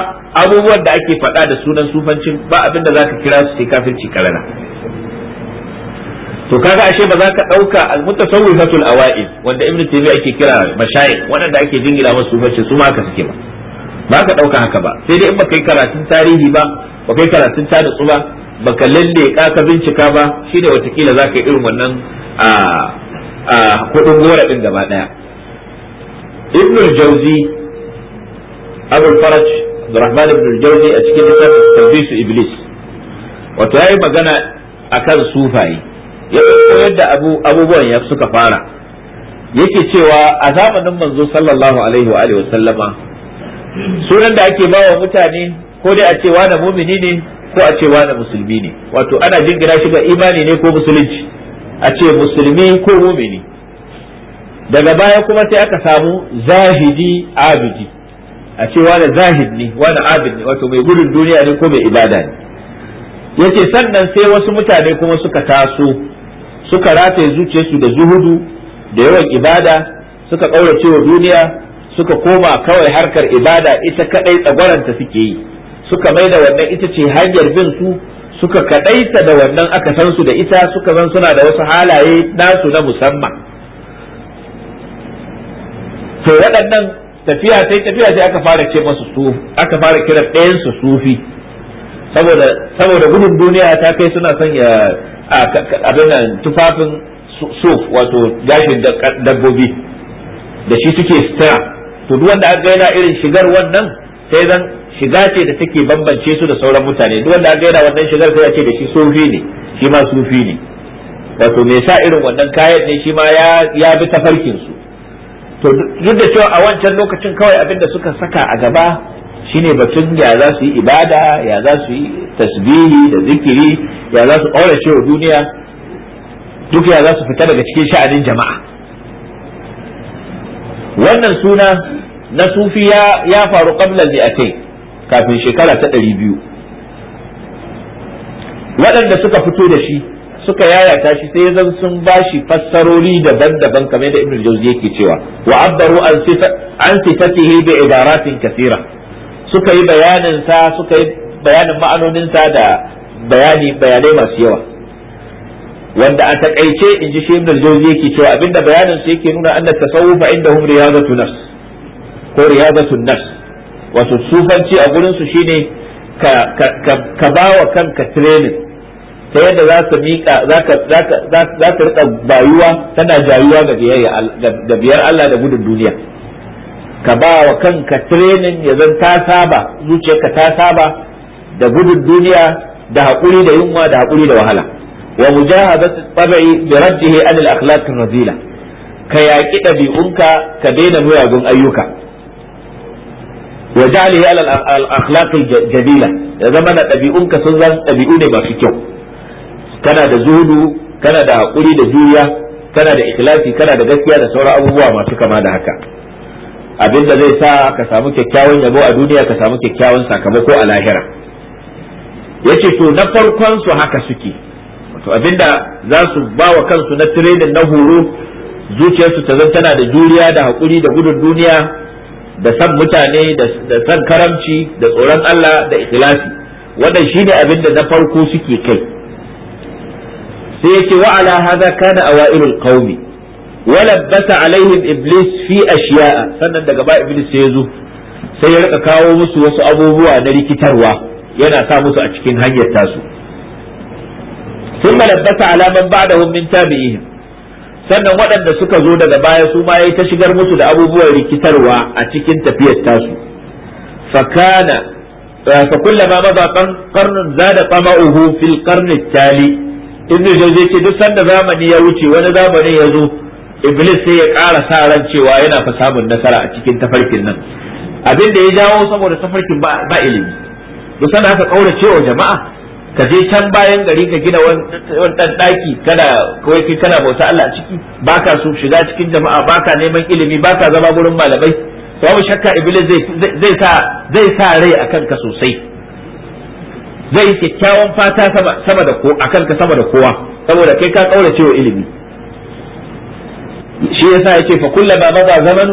abubuwan da ake faɗa da sunan sufancin ba abin da ka kira su sai kafirci karana to kaga ashe ba za ka ɗauka al-mutasawwifatul awa'il wanda ibnu taymiya ake kira mashayikh wanda ake jingila masu sufanci su ma haka suke ba ba ka ɗauka haka ba sai dai in ba kai karatun tarihi ba ba kai karatun ta ba baka lalle ka ka bincika ba Shi da watakila za ka yi irin wannan kudin gora din gaba daya ibn jawzi abul faraj abdurrahman ibn jawzi a cikin littafin talbisu iblis wato yayi magana akan sufaye ya koyar da abubuwan ya suka fara yake cewa a zamanin manzo sallallahu alaihi wa alihi sallama sunan da ake bawa mutane ko dai a cewa na mumini ne ko a ce wani musulmi ne wato ana jingina shi ga imani ne ko musulunci a ce musulmi ko mumini daga baya kuma sai aka samu zahidi abidi a ce wani zahid ne wani abid ne wato mai gudun duniya ne ko mai ibada ne yace sannan sai wasu mutane kuma suka taso suka rataye zuciyarsu da zuhudu da yawan ibada suka ƙaurace cewa duniya suka koma kawai harkar ibada ita kadai tsagwaranta suke yi suka mai da wannan ita ce hanyar bin su suka kadaita da wannan aka san su da ita suka zan suna da wasu halaye nasu na musamman to waɗannan tafiya sai tafiya sai aka fara ce masu su aka fara kira ɗayan su sufi saboda saboda gudun duniya ta kai suna son ya abin nan tufafin suf wato gashin dabbobi da shi suke sutura to duk wanda aka yana irin shigar wannan sai zan shiga ce da take bambance su da sauran mutane duk wanda gaira wannan shigar sai ya ce da shi sufi ne shi ma sufi ne wato me sa irin wannan kayan ne shi ma ya bi tafarkin su to duk da cewa a wancan lokacin kawai abin da suka saka a gaba shine batun ya za su yi ibada ya za su yi tasbihi da zikiri ya za su aure shi duniya duk ya za su fita daga cikin sha'anin jama'a wannan suna na sufi ya faru a kai. kafin shekara ta ɗari biyu waɗanda suka fito da shi suka yayata shi sai zan sun bashi fassarori daban-daban kamar da ibn jauzi yake cewa wa abdaru an sifatihi bi ibaratin kasira suka yi bayanin sa suka yi bayanin da bayani bayanai masu yawa wanda a takaice in ji shi ibn jauzi yake cewa abinda bayanin su yake nuna anna tasawwuf indahum riyadatu nafs ko riyadatu nafs wato sufanci a gurinsu shi shine ka ba bawa kanka training ta yadda za ka miƙa za ka bayuwa tana jayuwa ga biyar Allah da gudun duniya ka ba wa kanka training ya zan ta saba zuciyarka ta saba da gudun duniya da haƙuri da yunwa da haƙuri da wahala wa mujahadat tabi'i bi raddihi an al razila ka yaƙi ɗabi'unka ka daina muyagun ayyuka wa ja'alihi ala al-akhlaq al-jadila ya zama na dabi'un ka sun zan dabi'u ne masu kyau kana da zuhudu kana da hakuri da juriya kana da ikhlasi kana da gaskiya da sauran abubuwa masu kama da haka abinda zai sa ka samu kyakkyawan yabo a duniya ka samu kyakkyawan sakamako a lahira yace to na farkon su haka suke wato abinda za su ba wa kansu na training na horo zuciyarsu ta zan tana da juriya da hakuri da gudun duniya da san mutane da san karamci da tsoron Allah da ikhlasi wannan shine abin da na farko suke kai sai yake wa ala hadha kana awailul qaumi wa alaihim iblis fi ashiya'a sannan daga ba iblis sai yazo sai ya rika kawo musu wasu abubuwa na rikitarwa yana sa musu a cikin hanyar tasu ثم لبس على من بعدهم من تابعيهم sannan waɗanda suka zo daga baya su ma yayi ta shigar musu da abubuwan rikitarwa a cikin tafiyar tasu fakana eh, fa kullama ba qarnun zada tama'uhu fil qarn tali ibnu jawzi ce duk sanda zamani ya wuce wani zamani ya zo iblis sai ya ƙara sa ran cewa yana fa samun nasara a cikin tafarkin nan abin da ya jawo saboda tafarkin ba ilimi duk sanda aka kaura cewa jama'a ka je can bayan gari ka gina wani ɗaki, daki kana kawai kai kana bauta Allah a ciki baka so shiga cikin jama'a baka neman ilimi baka zama gurin malamai babu shakka iblis zai sa zai sa rai akan ka sosai zai kyakkyawan fata sama da ko akan ka sama da kowa saboda kai ka kaura cewa ilimi shi yasa yake fa kullama maza zaman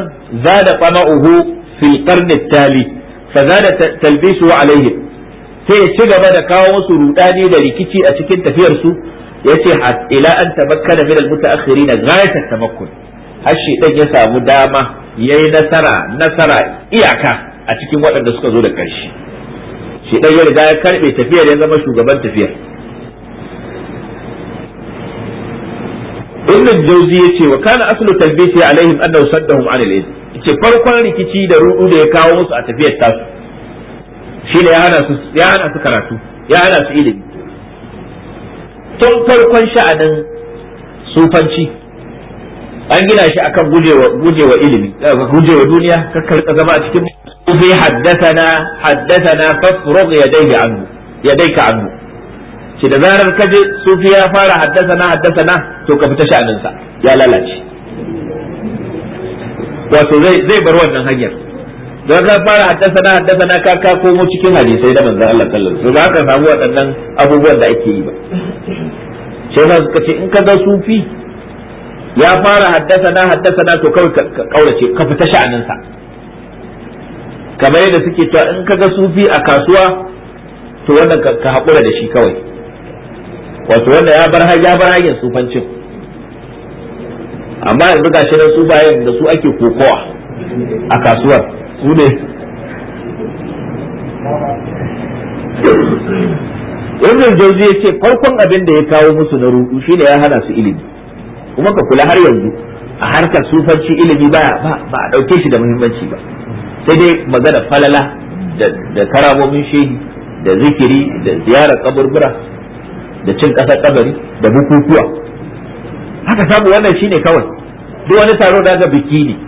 zada qama'uhu fil qarni tali fa zada talbisu alaihim sai ya ci gaba da kawo musu rudani da rikici a cikin tafiyar su yace ila an tabakkana min al-mutaakhirin ghaayat at tamakkun har shi dan ya samu dama yayi nasara nasara iyaka a cikin waɗanda suka zo da karshe shi dan ya riga ya karbe tafiyar ya zama shugaban tafiyar ibn al-jawzi yace wa kana aslu talbisi alaihim annahu saddahum an al id yace farkon rikici da ruɗu da ya kawo musu a tafiyar tasu shi ya ya hana su karatu ya hana su ilimi tun farkon sha'anin sufanci an gina shi akan gujewa ilimi eh, gujewa duniya ka zama a cikin sufi haddathana haddathana fasrug dai anhu ka anhu shi da zarar ka je sufi ya fara haddathana haddathana to ka fita sha'aninsa ya lalace wato zai bar wannan hanyar don ka fara haddasa na ka ka komo cikin hadisai da manzon Allah sallallahu alaihi wasallam ka samu waɗannan abubuwan da ake yi ba sai za ka ce in ka ga sufi ya fara haddasa na to kawai ka kaurace ka fita sha'anin sa kamar yadda suke cewa in ka ga sufi a kasuwa to wannan ka haƙura da shi kawai wato wanda ya bar ya bar hanyar sufancin amma yanzu gashi na su bayan da su ake kokowa a kasuwar su ne ibn jauzi ya ce farkon abin da ya kawo musu na rudu shine ya hana su ilimi kuma ka kula har yanzu a harkar sufanci ilimi ba ba a dauke shi da muhimmanci ba sai dai magana falala da karamomin shehi da zikiri da ziyarar kaburbura da cin ƙasar kabari da bukukuwa haka samu wannan shine kawai duk wani taro daga biki ne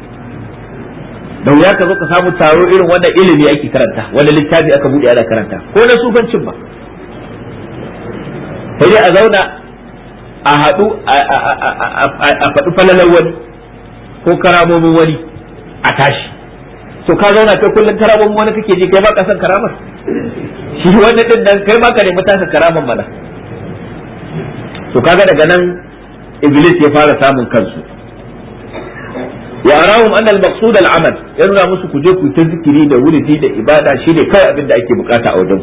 da wuya ka zo ka samu taro irin wanda ilimi ake karanta wanda littafi aka bude ana karanta ko na sufancin ba sai dai a zauna a haɗu a faɗi falalar wani ko karamomin wani a tashi to ka zauna kai kullum karamomin wani kake je kai ba ka san karamar shi wani din nan kai ma ka nemi tasa karamar mana to kaga daga nan iblis ya fara samun kansu wa arahum anna al-maqsud al-amal ya nuna musu ku je ku ta zikiri da wulidi da ibada shine kai abin da ake bukata a wajen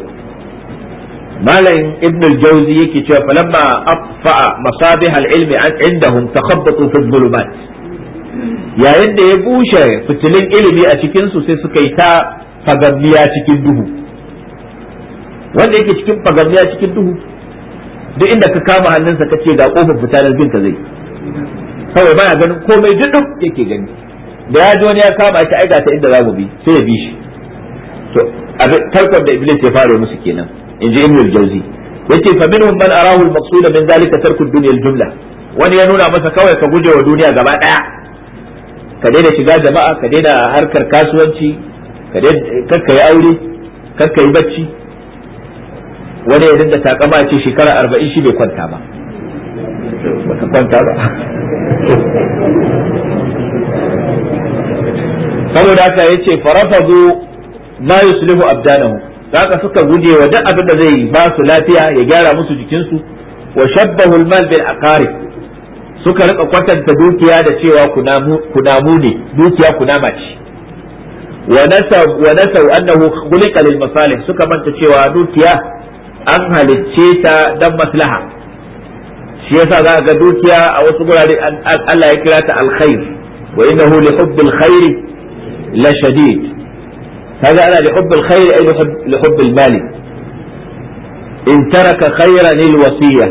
malamin ibn al-jawzi yake cewa falamma affa masabih al an indahum takhabbatu fi dhulumat yayin da ya bushe fitilin ilimi a cikin su sai suka yi ta fagammiya cikin duhu wanda yake cikin fagammiya cikin duhu duk inda ka kama hannunsa kace ga kofar fita binta zai kawai baya ganin komai duduk yake gani da ya ji wani ya kama shi aika ta inda za mu bi sai ya bi shi to tarkon da iblis ya fara musu kenan in ji ibnul jauzi. jawzi yace fa minhum man arahu al-maqsuda min zalika tarku ad-dunya al-jumla wani ya nuna masa kawai ka guje wa duniya gaba daya ka daina shiga jama'a ka daina harkar kasuwanci ka daina kakka aure kakka yi bacci wani ya dinda takama ce shekara arba'in shi bai kwanta ba ka kwanta ba saboda haka yace farafadu la yuslihu abdanahu haka suka guje wa duk abin da zai ba su lafiya ya gyara musu jikinsu wa shabbahu almal bil aqarib suka rika kwatanta dukiya da cewa kunamu ne dukiya kunama ce wa nasau annahu khuliqa lil masalih suka manta cewa dukiya an halicce ta dan maslaha shi yasa za ga dukiya a wasu gurare Allah ya kira ta alkhair wa innahu li hubbil khair la shadid kaga ana li hubbil khair ay li hubbil mali in taraka khairan lil wasiya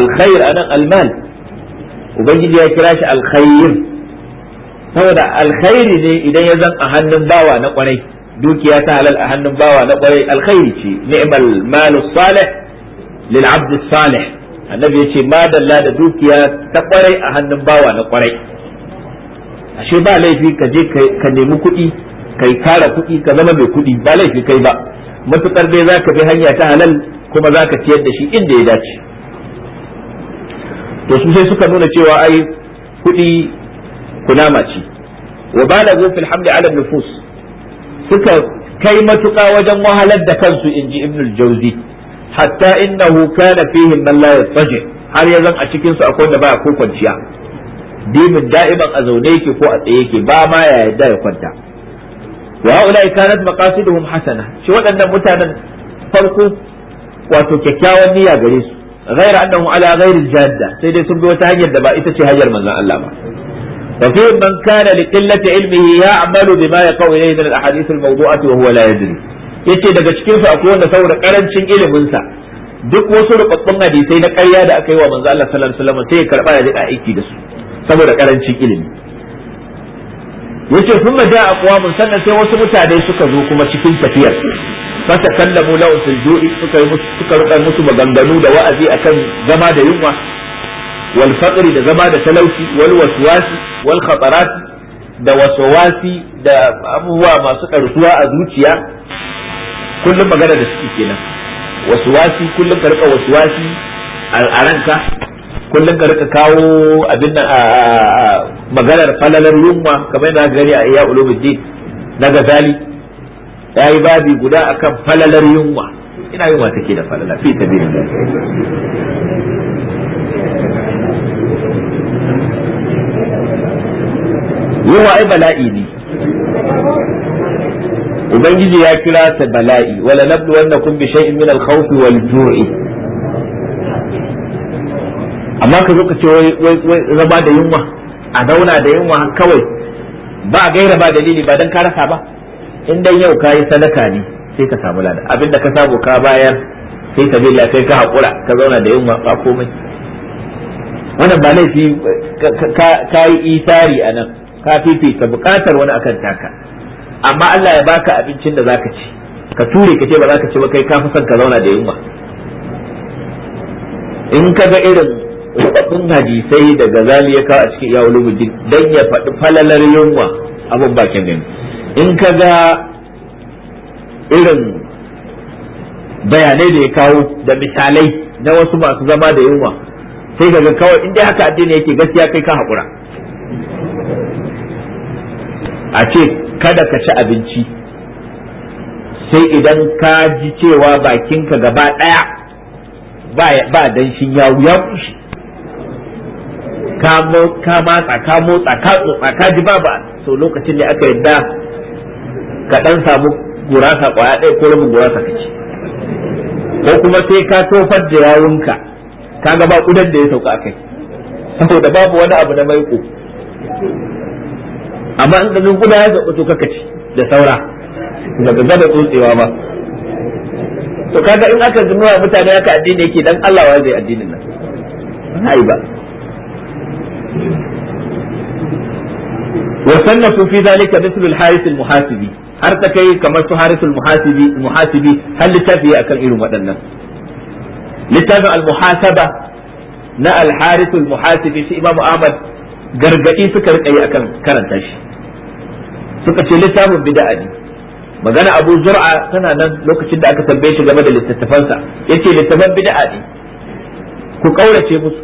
alkhair anan almal ubangiji ya kira shi alkhair saboda alkhairi ne idan ya zan a hannun bawa na kwarai dukiya ta halal a hannun bawa na kwarai alkhairi ce ni'mal malu salih lil abd salih annabi ya ce madalla da dukiya ta kwarai a hannun bawa na kwarai ashe ba laifi ka je ka nemi kuɗi ka yi kara kuɗi ka zama mai kuɗi ba laifi kai ba matukar dai ka bi hanya ta halal kuma za ka ciyar da shi inda ya dace to su sai suka nuna cewa ai kuɗi kunama ce wa da fil hamdi ala nufus suka kai matuƙa wajen wahalar da kansu inji ibnul jauzi hatta innahu kana fihim man la yastaji har ya zan a cikin su akwai da baya ko kwanciya dimin da'iman a zaune yake ko a tsaye yake ba ma ya yarda ya kwanta wa ulai kanat maqasiduhum hasana shi waɗannan mutanen farko wato kyakkyawan niyya gare su غير أنهم على غير الجادة سيدي سنبي وتهجر دبا إتشي هجر من الله وفي من كان لقلة علمه يعمل بما يقوى إليه من الأحاديث الموضوعة وهو لا يدري yace daga cikin su akwai wanda saboda karancin ilimin sa duk wasu rubutun hadisai na ƙarya da aka yi wa manzo Allah sallallahu alaihi wasallam sai ya karba ya rika aiki da su saboda karancin ilimi yace kuma da mun sannan sai wasu mutane suka zo kuma cikin tafiyar ta kallamu lahu fil ju'i suka yi musu suka rubuta musu maganganu da wa'azi akan zama da yunwa wal faqri da zama da talauci wal waswasi wal khatarat da waswasi da abubuwa masu karsuwa a zuciya kullum magana da suke kenan wasu wasi kullum ka rika wasu wasi a ranka kullum ka rika kawo abin nan maganar falalar yunwa kamar na gari a iya ulumuddin na gazali ya yi babi guda akan falalar yunwa ina yunwa take da falala fi biyu yunwa ai bala'i ne ubangiji ya kira ta bala'i wala nabdu wannakum bi shay'in min al-khawf wal ju'i amma ka zo ka ce wai wai raba da yunwa a dauna da yunwa kawai ba gaira ba dalili ba dan ka rasa ba in dan yau kai sadaka ne sai ka samu lada abinda ka sabo ka bayar sai ka billa kai ka hakura ka zauna da yunwa ba komai wannan ba laifi ka yi isari anan ka fifita bukatar wani akan taka amma Allah ya baka abincin da zaka ci ka ture ka ce ba zaka ci ba kai ka fi son ka zauna da yunwa in ka ga irin rubabbin hadisai daga gazali ya kawo a cikin iya ulumuddin dan ya faɗi falalar yunwa abin bakin din in ka ga irin bayanai da ya kawo da misalai na wasu masu zama da yunwa sai ga kawai in dai haka addini yake gaskiya kai ka hakura a ce kada ka ci abinci sai idan ka ji cewa bakinka gaba ɗaya ba danshin yawu ya kushi ka matsa ka motsa ka tsotsa ka ji ba ba so lokacin da aka yadda ka ɗan samu gurasa ƙwaya ɗaya ko rabin gurasa ka ci ko kuma sai ka tofar da yawunka ka ga ba kudan da ya sauka a kai saboda babu wani abu na maiko amma in ɗazin guda ya zaɓi kaka ci da saura da ka gaba tsotsewa ba to kaga in aka zunuwa mutane aka addini yake dan Allah wa zai addinin nan ba fi zalika في al مثل al muhasibi, har ta kai kamar su harisul muhasibi muhasibi har litafi akan irin waɗannan littafin al-muhasaba na al-harisul muhasibi shi imamu ahmad gargadi suka rika yi akan karanta shi suka ce littafin bid'a ne magana abu zur'a tana nan lokacin da aka tambaye shi game da littattafansa yace littafan bid'a ne ku kaurace musu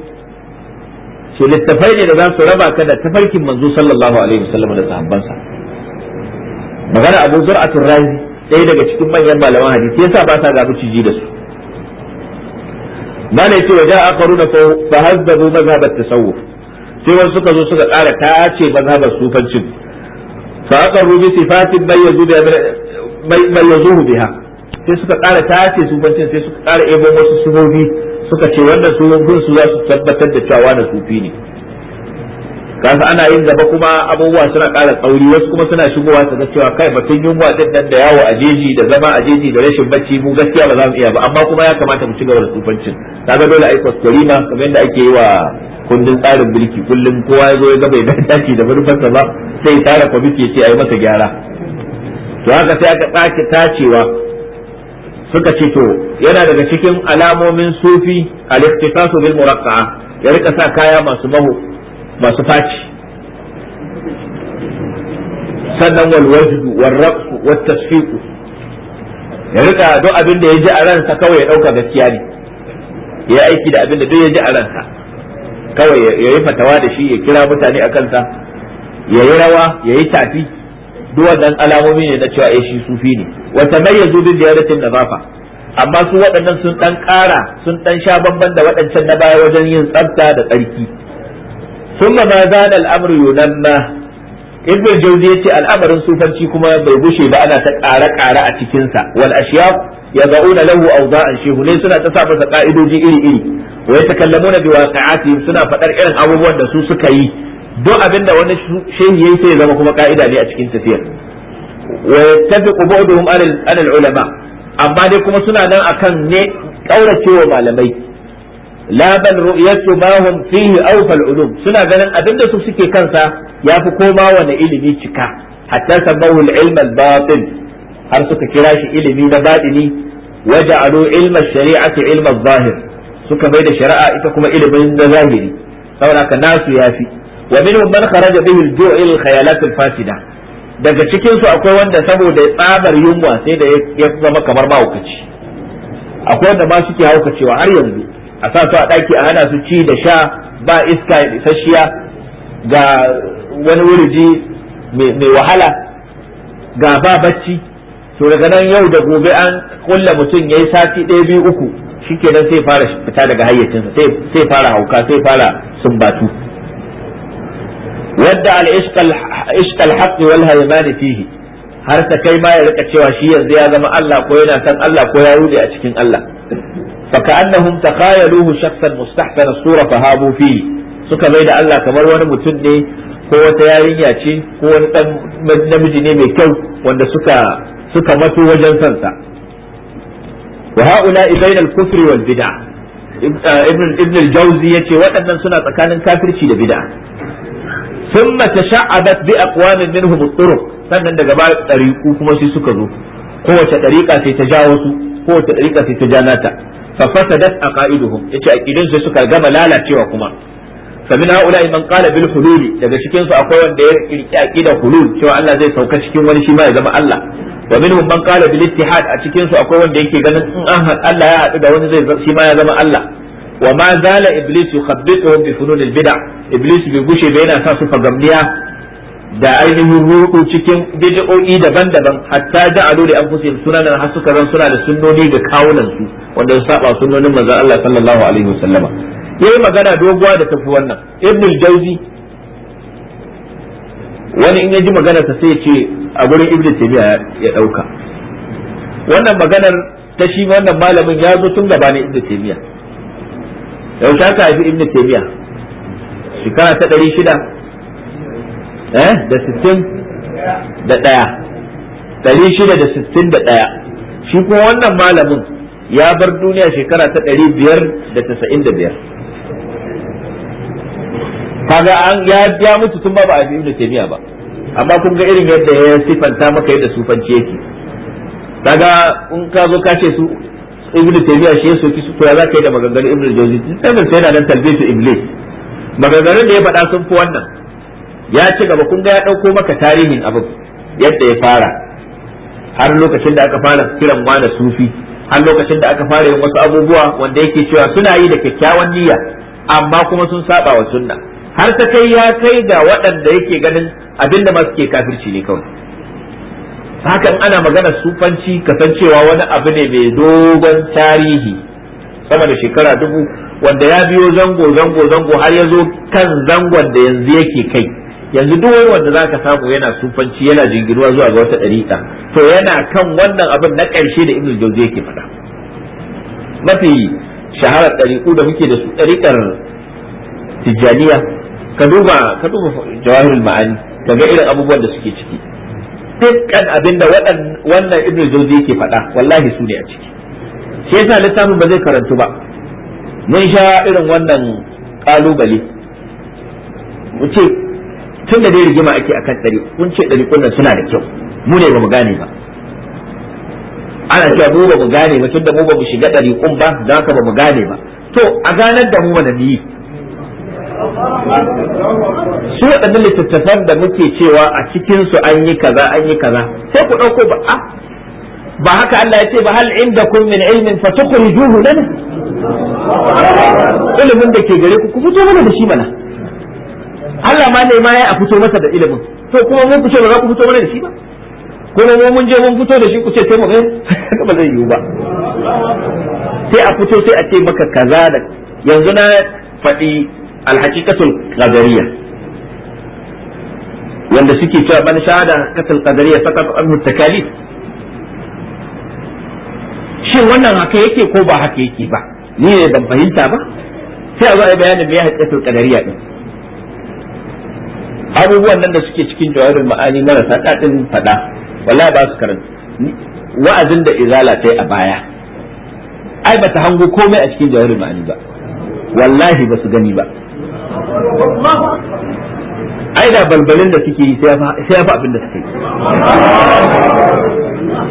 ce littafai ne da za su raba ka da tafarkin manzo sallallahu alaihi wasallam da sahabbansa magana abu zur'atul razi ɗaya daga cikin manyan malaman hadisi yasa ba sa ga ciji da su mana yace wa ja'a qaruna fa fahazzabu mazhab at-tasawuf sai wasu suka zo suka ƙara tace mazhabar sufancin faqaru bi sifatin mai yanzu bayyazuhu sai suka ƙara tace su bancin sai suka ƙara ebo wasu sufofi suka ce wannan su su za su tabbatar da cewa wani sufi ne kasa ana yin gaba kuma abubuwa suna ƙara tsauri wasu kuma suna shigowa su ga cewa kai batun yunwa din da yawo a jeji da zama a jeji da rashin bacci mu gaskiya ba za mu iya ba amma kuma ya kamata mu ci gaba da tsufancin kaga dole ai kwaskwarima kamar yadda ake yi wa kundin tsarin mulki kullum kowa ya zo ya gaba ya dace da manufarsa ba sai tara kwamiti ya ce ai masa gyara to haka sai aka tsaki tacewa suka ce to yana daga cikin alamomin sufi al-ikhtisasu bil muraqqa ya rika sa kaya masu mahu masu faci sannan wal wajdu wal raqsu ya rika duk abin da ya ji a ransa kawai ya dauka gaskiya ne ya aiki da abin da duk ya ji a ransa kawai ya yi fatawa da shi ya kira mutane a kansa ya yi rawa ya yi tafi duk wannan alamomi ne na cewa eh shi sufi ne wa tamayyazu bi ziyaratin zafa amma su waɗannan sun ɗan ƙara sun ɗan sha bamban da waɗancan na baya wajen yin tsafta da tsarki thumma ma zana al'amru yunanna ibn jawzi yace al'amarin sufanci kuma bai bushe ba ana ta ƙara ƙara a cikin sa wal ashyaq yad'una lahu awza'an shehunai suna ta sa masa ka'idoji iri iri wa yatakallamuna bi waqi'atihim suna faɗar irin abubuwan da su suka yi duk abin da wani shehi yayi sai ya zama kuma ƙa'ida ne a cikin tafiyar wa yattafiqu ba'dhum 'ala al-ulama amma dai kuma suna nan akan ne kauracewa malamai la bal ru'yatu ma hum fihi awfa ulum suna ganin abinda su suke kansa yafi koma wani ilimi cika hatta sabahu al-ilm har suka kira shi ilimi na batini waja'alu ado ash shari'a ilm adh-dhahir suka bai da shari'a ita kuma ilimin na zahiri saboda ka nasu yafi wa minhum man kharaja bihi al-ju' ila al fasida daga cikinsu akwai wanda saboda tsabar yunwa sai da ya zama kamar mahaukaci akwai wanda ma suke haukacewa har yanzu a sa su a ɗaki a hana su ci da sha ba iska isasshiya ga wani wuriji mai wahala ga ba bacci to daga nan yau da gobe an kulla mutum ya yi sati ɗaya biyu uku shikenan sai fara fita daga hayyacinsa sai fara hauka sai fara sumbatu wadda al-ishqa al-haqq wal hayman fihi har ta kai ma ya rika cewa shi yanzu ya zama Allah ko yana san Allah ko ya rude a cikin Allah فكأنهم تخايلوه شخصا مستحسن الصورة فهابوا فيه suka bai da Allah kamar wani mutum ne ko wata yarinya ce ko wani dan namiji ne mai kyau wanda suka suka mato wajen sansa wa haula bain al-kufri wal bid'a ibn ibn al-jawzi yace waɗannan suna tsakanin kafirci da bid'a thumma tasha'abat bi aqwamin minhum at-turuq sannan daga ba ɗariƙu kuma sai suka zo kowace ɗariƙa sai ta jawo su kowace ɗariƙa sai ta ja nata fa fasadat aqaiduhum yace aqidun su suka gama lalacewa kuma fa min haula man qala bil hululi daga cikin su akwai wanda ya kirki aqidar hulul cewa Allah zai sauka cikin wani shi ma ya zama Allah wa man qala bil a cikinsu su akwai wanda yake ganin in an Allah ya haɗu da wani zai shi ma ya zama Allah wa ma zala iblis yukhabbituhum bi funun al bid'a iblis bai bushe ba yana sa su fagamniya da ainihin ruku cikin bid'o'i daban-daban hatta ja'alu da anfusihim sunanan da suka ran suna da sunnoni ga kawunan su wanda su saba sunnonin manzon Allah sallallahu alaihi wasallama yayi magana doguwa da tafi wannan ibnu jawzi wani in ya ji magana ta sai ce a gurin ibnu tabi'a ya dauka wannan maganar ta shi wannan malamin ya zo tun gabanin ibnu tabi'a yau ta haifi ibnu tabi'a shekara ta 600 eh da sittin da ɗaya ɗari shida da sittin da ɗaya shi kuma wannan malamin ya bar duniya shekara ta ɗari biyar da tasa'in da biyar kaga an ya mutu tun ba ba a ibnu taymiya ba amma kun ga irin yadda ya sifanta maka yadda sufanci yake daga in ka zo ka su ibn taymiya shi ya soki su to ya zaka yi da maganganun ibn jawzi sai mun nan talbiyatu iblis maganganun da ya faɗa sun fi wannan ya ci gaba kun ga ya ɗauko maka tarihin abin yadda ya fara har lokacin da aka fara kiran wani sufi har lokacin da aka fara yin wasu abubuwa wanda yake cewa suna yi da kyakkyawan niyya amma kuma sun saba wa sunna har ta kai ya kai ga waɗanda yake ganin abin da masu ke kafirci ne kawai hakan ana magana sufanci kasancewa wani abu ne mai dogon tarihi sama da shekara dubu wanda ya biyo zango zango zango har ya zo kan zangon da yanzu yake kai yanzu duk wani wanda zaka samu yana sufanci yana jingiruwa zuwa ga wata dariƙa to yana kan wannan abin na ƙarshe da ibnu jawzi yake faɗa mafi shaharar dariƙu da muke da su dariƙar tijjaniya ka duba ka duba jawahirul ma'ani ka ga irin abubuwan da suke ciki dukkan abinda wannan ibnu jawzi yake faɗa wallahi su ne a ciki shi yasa littafin ba zai karantu ba mun sha irin wannan kalubale mu ce tun da dai rigima ake akan ɗari kun ce ɗari kunnan suna da kyau mu ne ba mu gane ba ana cewa mu ba mu gane ba tun da mu ba mu shiga ɗari kun ba za ka ba mu gane ba to a ganar da mu mana ni su waɗannan littattafan da muke cewa a cikin su an yi kaza an yi kaza sai ku ɗauko ba a ah, ba haka Allah ya ce ba hal inda kun min ilmin fa tukhrijuhu lana ilimin da ke gare ku ku fito mana da shi mana Allah ma ne ma ya a fito masa da ilimin to kuma mun fice ba za ku fito mana da shi ba kuma mu mun je mun fito da shi ku ce sai mu ga *laughs* ba zai yiwu ba sai a fito sai a ce maka kaza da yanzu na faɗi alhaqiqatul qadariyya wanda suke cewa ban shahada qatul qadariyya sakat al takalif shin wannan haka yake ko ba haka yake ba ni ne ban fahimta ba sai a zo a yi bayanin me ya haƙƙatul qadariyya din abubuwan nan da suke cikin jawabin ma'ani marasa daɗin faɗa wala ba su karanta wa'azin da izala ta a baya ai ba ta hango komai a cikin jawabin ma'ani ba wallahi ba su gani ba ai da balbalin da suke yi sai ya fi abin da suke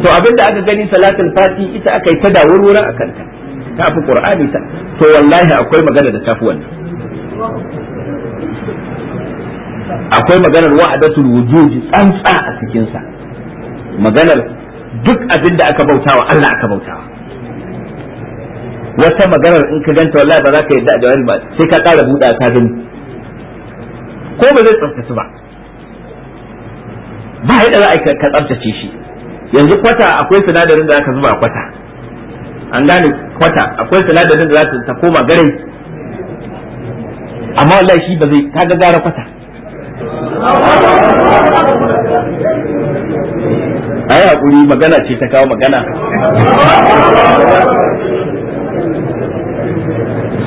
to abin da aka gani salatul fati ita aka yi ta da wurwura a kanta ta fi qur'ani ta to wallahi akwai magana da tafi wannan akwai maganar wahadatul wujudi tsantsa a cikin sa maganar duk abin da aka bautawa Allah aka bautawa wata maganar in ka ganta wallahi ba za ka yadda a jawahir ba sai ka ƙara buɗa ka gani ko ba zai tsaftace ba ba yadda za a ka tsaftace shi yanzu kwata akwai sinadarin da zaka zuba a kwata an gane kwata akwai sinadarin da za ta koma gare amma wallahi shi ba zai ga gara kwata ai hakuri magana ce ta kawo magana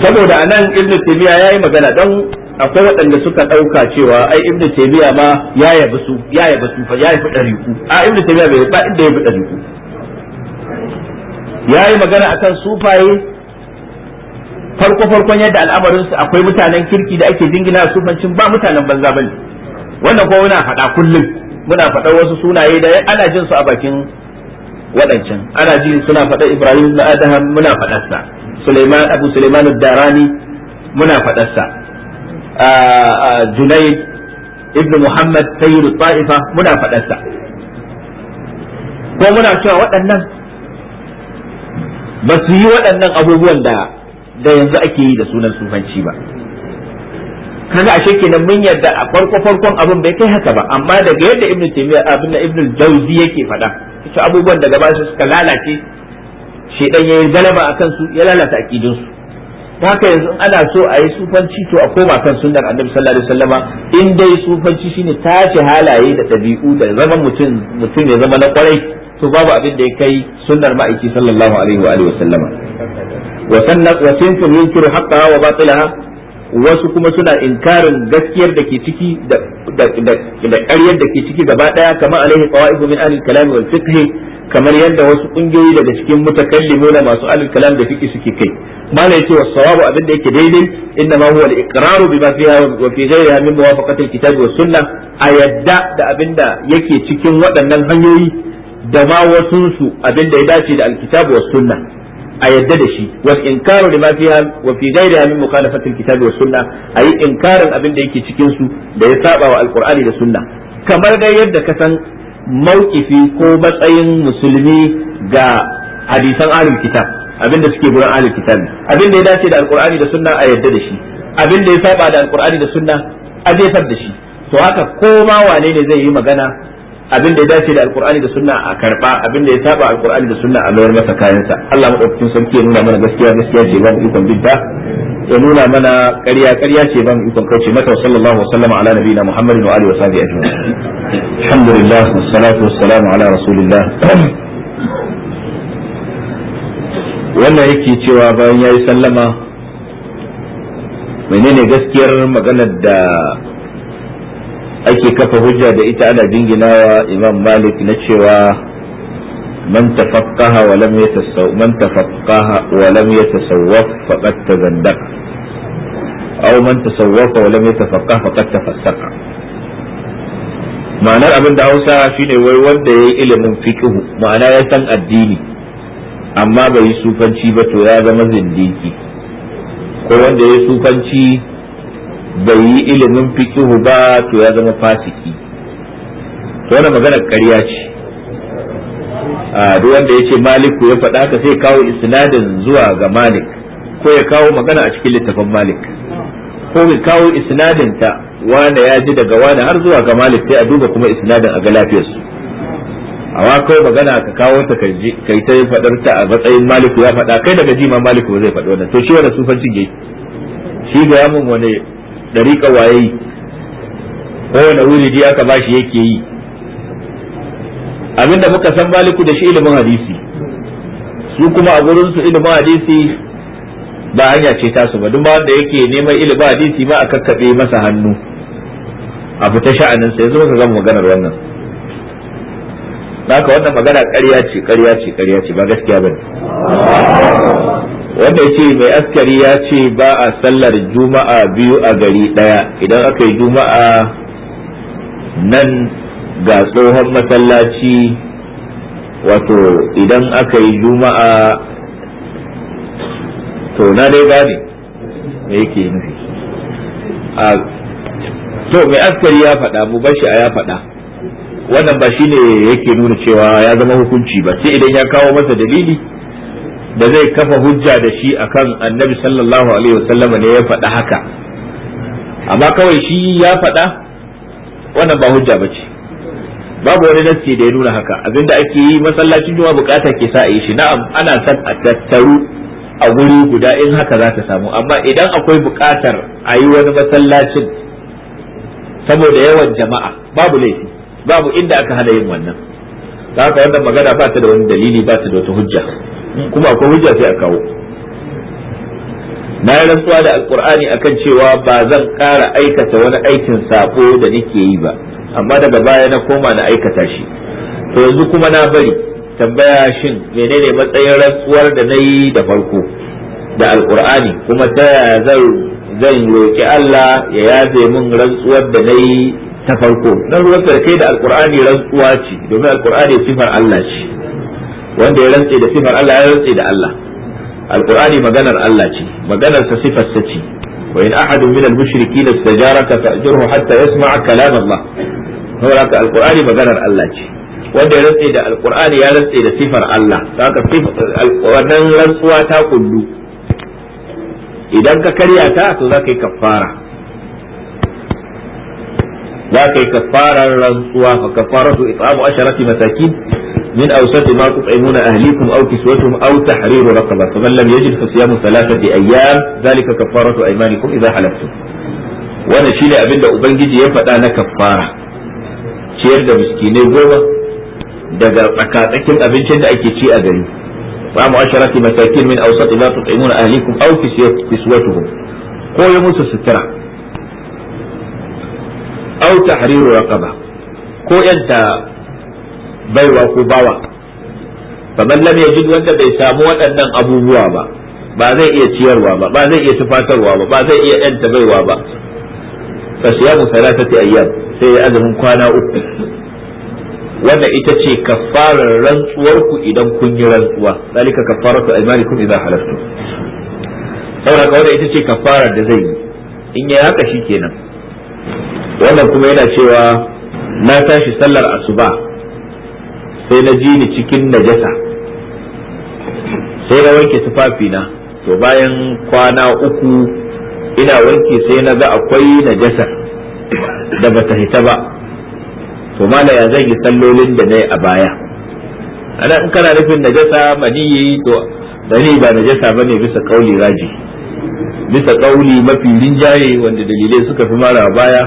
saboda anan ibnu taymiya yayi magana dan akwai waɗanda suka ɗauka cewa ai ibnu taymiya ma ya yabi su ya yabi su fa yayi yabi dariku a ibnu taymiya bai ba inda yabi dariku yayi magana akan sufaye farko farkon yadda al'amarin su akwai mutanen kirki da ake dingina sufancin ba mutanen banza bane wannan ko muna faɗa kullum muna faɗa wasu sunaye da ana jin su a bakin waɗancan ana ji suna faɗa Ibrahim na Adham muna faɗarsa Suleiman Abu Suleiman Darani muna faɗarsa ah, ah, junai Ibn Muhammad Sayyid Ta'ifa muna faɗarsa ko muna cewa waɗannan ba su yi waɗannan abubuwan da da yanzu ake yi da sunan sufanci ba kaga ashe kenan mun yarda a farko farkon abin bai kai haka ba amma daga yadda ibnu taymiya abin da ibnu jawzi yake faɗa su abubuwan daga ba su suka lalace shi dan yayin galaba akan su ya lalata aqidun su haka yanzu ana so a yi sufanci to a koma kan sunnar annabi sallallahu alaihi wasallama in dai sufanci shine tace halaye da dabi'u da zaman mutum mutum ya zama na kwarai to babu abin da ya kai sunnar ma'aiki sallallahu alaihi wa alihi wasallama wa sannan wa sintu yunkiru haqqaha wa batilaha wasu kuma suna inkarin gaskiyar da ke ciki da ƙaryar da ke ciki gaba daya kamar alaihi qawaidu min ahli kalam wal fiqh kamar yadda wasu kungiyoyi daga cikin mutakallimuna masu ahli kalam da fiqh suke kai malai ce was sawabu abin da yake daidai inna ma huwa al iqraru bima fiha wa fi ghayriha min muwafaqati al kitab was sunnah a yadda da abin da yake cikin waɗannan hanyoyi da ma wasunsu abin da ya dace da alkitabu was sunna a yadda da shi wa inkaru lima fiha wa fi ghayriha min mukhalafati alkitabi was sunna ayi inkarin abin da yake cikin su da ya saba wa alqur'ani da sunna kamar dai yadda ka san mauqifi ko matsayin musulmi ga hadisan ahlul kitab abin da suke gurin ahlul kitab abin da ya dace da alqur'ani da sunna a yadda da shi abin da ya saba da alqur'ani da sunna a jefar da shi to haka ko ma wane ne zai yi magana abin da ya dace da alkur'ani da sunna a karba abin da ya saba alkur'ani da sunna a lawar masa kayansa Allah madaukakin sarki ya nuna mana gaskiya gaskiya ce ba mu ikon bidda ya nuna mana ƙarya ƙarya ce ba mu ikon kauce mata sallallahu alaihi wasallam ala nabiyina muhammadin wa alihi wa sahbihi ajma'in alhamdulillah wassalatu wassalamu ala rasulillah wannan yake cewa bayan yayi sallama menene gaskiyar maganar da ake kafa hujja da ita ana jinginawa imam malik na cewa man tafaqqaha wa lam yatasaw man tafaqqaha wa lam yatasawwaf faqad tazandaqa aw man tasawwafa wa lam yatafaqah faqad tafassaqa ma'anar abin da Hausa shine wai wanda yayi ilimin fiqh ma'ana ya san addini amma bai yi sufanci ba to ya zama zindiki ko wanda yayi sufanci bai yi ilimin fikihu ba to ya zama fasiki to wannan magana ƙarya ce a duk wanda yace maliku ya faɗa ka sai kawo isnadin zuwa ga malik ko ya kawo magana a cikin littafin malik ko ya kawo isnadin ta wanda ya ji daga wani har zuwa ga malik sai a duba kuma isnadin a ga lafiyarsu awa kawai magana ka kawo ta kai ta faɗar ta a matsayin maliku ya faɗa kai daga jima maliku zai faɗi wannan to shi wannan sufancin yayi shi ga yamun wani dariƙa waye wuri wuridi aka bashi yake yi da muka san baliku da shi ilimin hadisi su kuma a gurin su ilimin hadisi ba hanya ce su ba duk wanda yake neman ilimin hadisi ma a kakkabe masa hannu a fita sha'anin sai yanzu muka gama maganar wannan haka wannan magana ƙarya ce ƙarya ce ƙarya ce ba gaskiya bane wanda ce mai askari ya ce ba a sallar juma'a biyu a gari daya idan aka yi juma'a nan ga tsohon masallaci wato idan aka yi juma'a to na dai gane me yake nufi a to mai askari ya faɗa mu bashi a ya faɗa wannan ba shine yake nuna cewa ya zama hukunci ba sai idan ya kawo masa dalili da zai kafa hujja da shi akan annabi sallallahu alaihi wasallama ne ya faɗa haka amma kawai shi ya faɗa wannan ba hujja ba ce babu wani nassi da ya nuna haka Abin da ake yi masallacin juma'a bukata ke sa yi shi na'am ana san a tattaru a guri guda in haka za ta samu amma idan akwai bukatar a yi wani masallacin saboda yawan jama'a babu laifi babu inda aka hana yin wannan ka wannan magana ba ta da wani dalili ba ta da wata hujja kuma akwai hujja sai a kawo na yi rantsuwa da alkur'ani akan cewa ba zan ƙara aikata wani aikin sako da nake yi ba amma daga baya na koma na aikata shi to yanzu kuma na bari tambaya shin menene matsayin rantsuwar da na yi da farko da alkur'ani kuma ta zan zan roƙi Allah ya yaze min rantsuwar da na yi ta farko na ruwan kai da alkur'ani rantsuwa ce domin alkur'ani sifar Allah ce wanda ya rantse da sifar Allah ya rantse da Allah alqur'ani maganar Allah ce maganar sa sifar sa ce wa in ahadun min al-mushrikeen istajaraka fa'jurhu hatta yasma'a kalam Allah saboda alqur'ani maganar Allah ce wanda ya rantse da alqur'ani ya rantse da sifar Allah saka wannan rantsuwa ta kullu idan ka karya ta to za ka yi kafara za ka yi kafarar rantsuwa fa kafaratu it'amu asharati masakin من أوسط ما تطعمون أهليكم أو كسوتهم أو تحرير رقبة فمن لم يجد فصيام ثلاثة أيام ذلك كفارة أيمانكم إذا حلفتم وأنا شيل أبن أبنجي يفتا أنا كفارة ciyar da miskinai goma daga tsakatsakin abincin da ake ci a gari ba mu masakin min awsat ma tut'imuna ahlikum aw kiswatuhum ko ya musu sutura aw tahriru ko baiwa ko bawa faman lam yajid wanda bai samu waɗannan abubuwa ba ba zai iya ciyarwa ba ba zai iya tufatarwa ba ba zai iya yanta baiwa ba fa siyamu thalathati ayyam sai ya azumin kwana uku wannan ita ce kafarar rantsuwar ku idan kun yi rantsuwa dalika kafaratu aymanikum idan halaftum sai ka wannan ita ce kafarar da zai yi in yi haka shikenan wannan kuma yana cewa na tashi sallar asuba sai na ji ni cikin najasa sai na wanke tufafina to bayan kwana uku ina wanke sai na ga akwai najasar da bata hita ba to mala ya zan yi sallolin da na yi a baya ana in kana nufin najasa maniyi to dani ba najasa bane bisa kauli raji bisa kauli mafi rinjaye wanda dalilai suka fi mara baya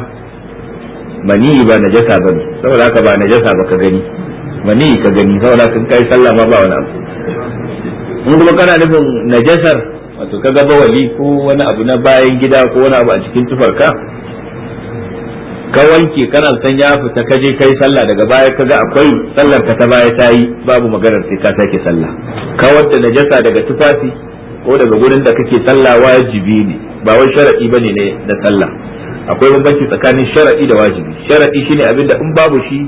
maniyi ba najasa bane saboda haka ba najasa ba ka gani mani ka gani saboda kan kai sallah ma ba wani abu mun kuma kana nufin najasar wato kaga bawali ko wani abu na bayan gida ko wani abu a cikin tufarka ka wanke kana san ya fita ka je kai sallah daga baya ka ga akwai sallar ka ta baya ta yi babu maganar sai ka sake sallah ka wadda najasa daga tufafi ko daga gurin da kake sallah wajibi ne ba wai sharadi bane ne na sallah akwai bambanci tsakanin sharadi da wajibi sharadi shine abinda in babu shi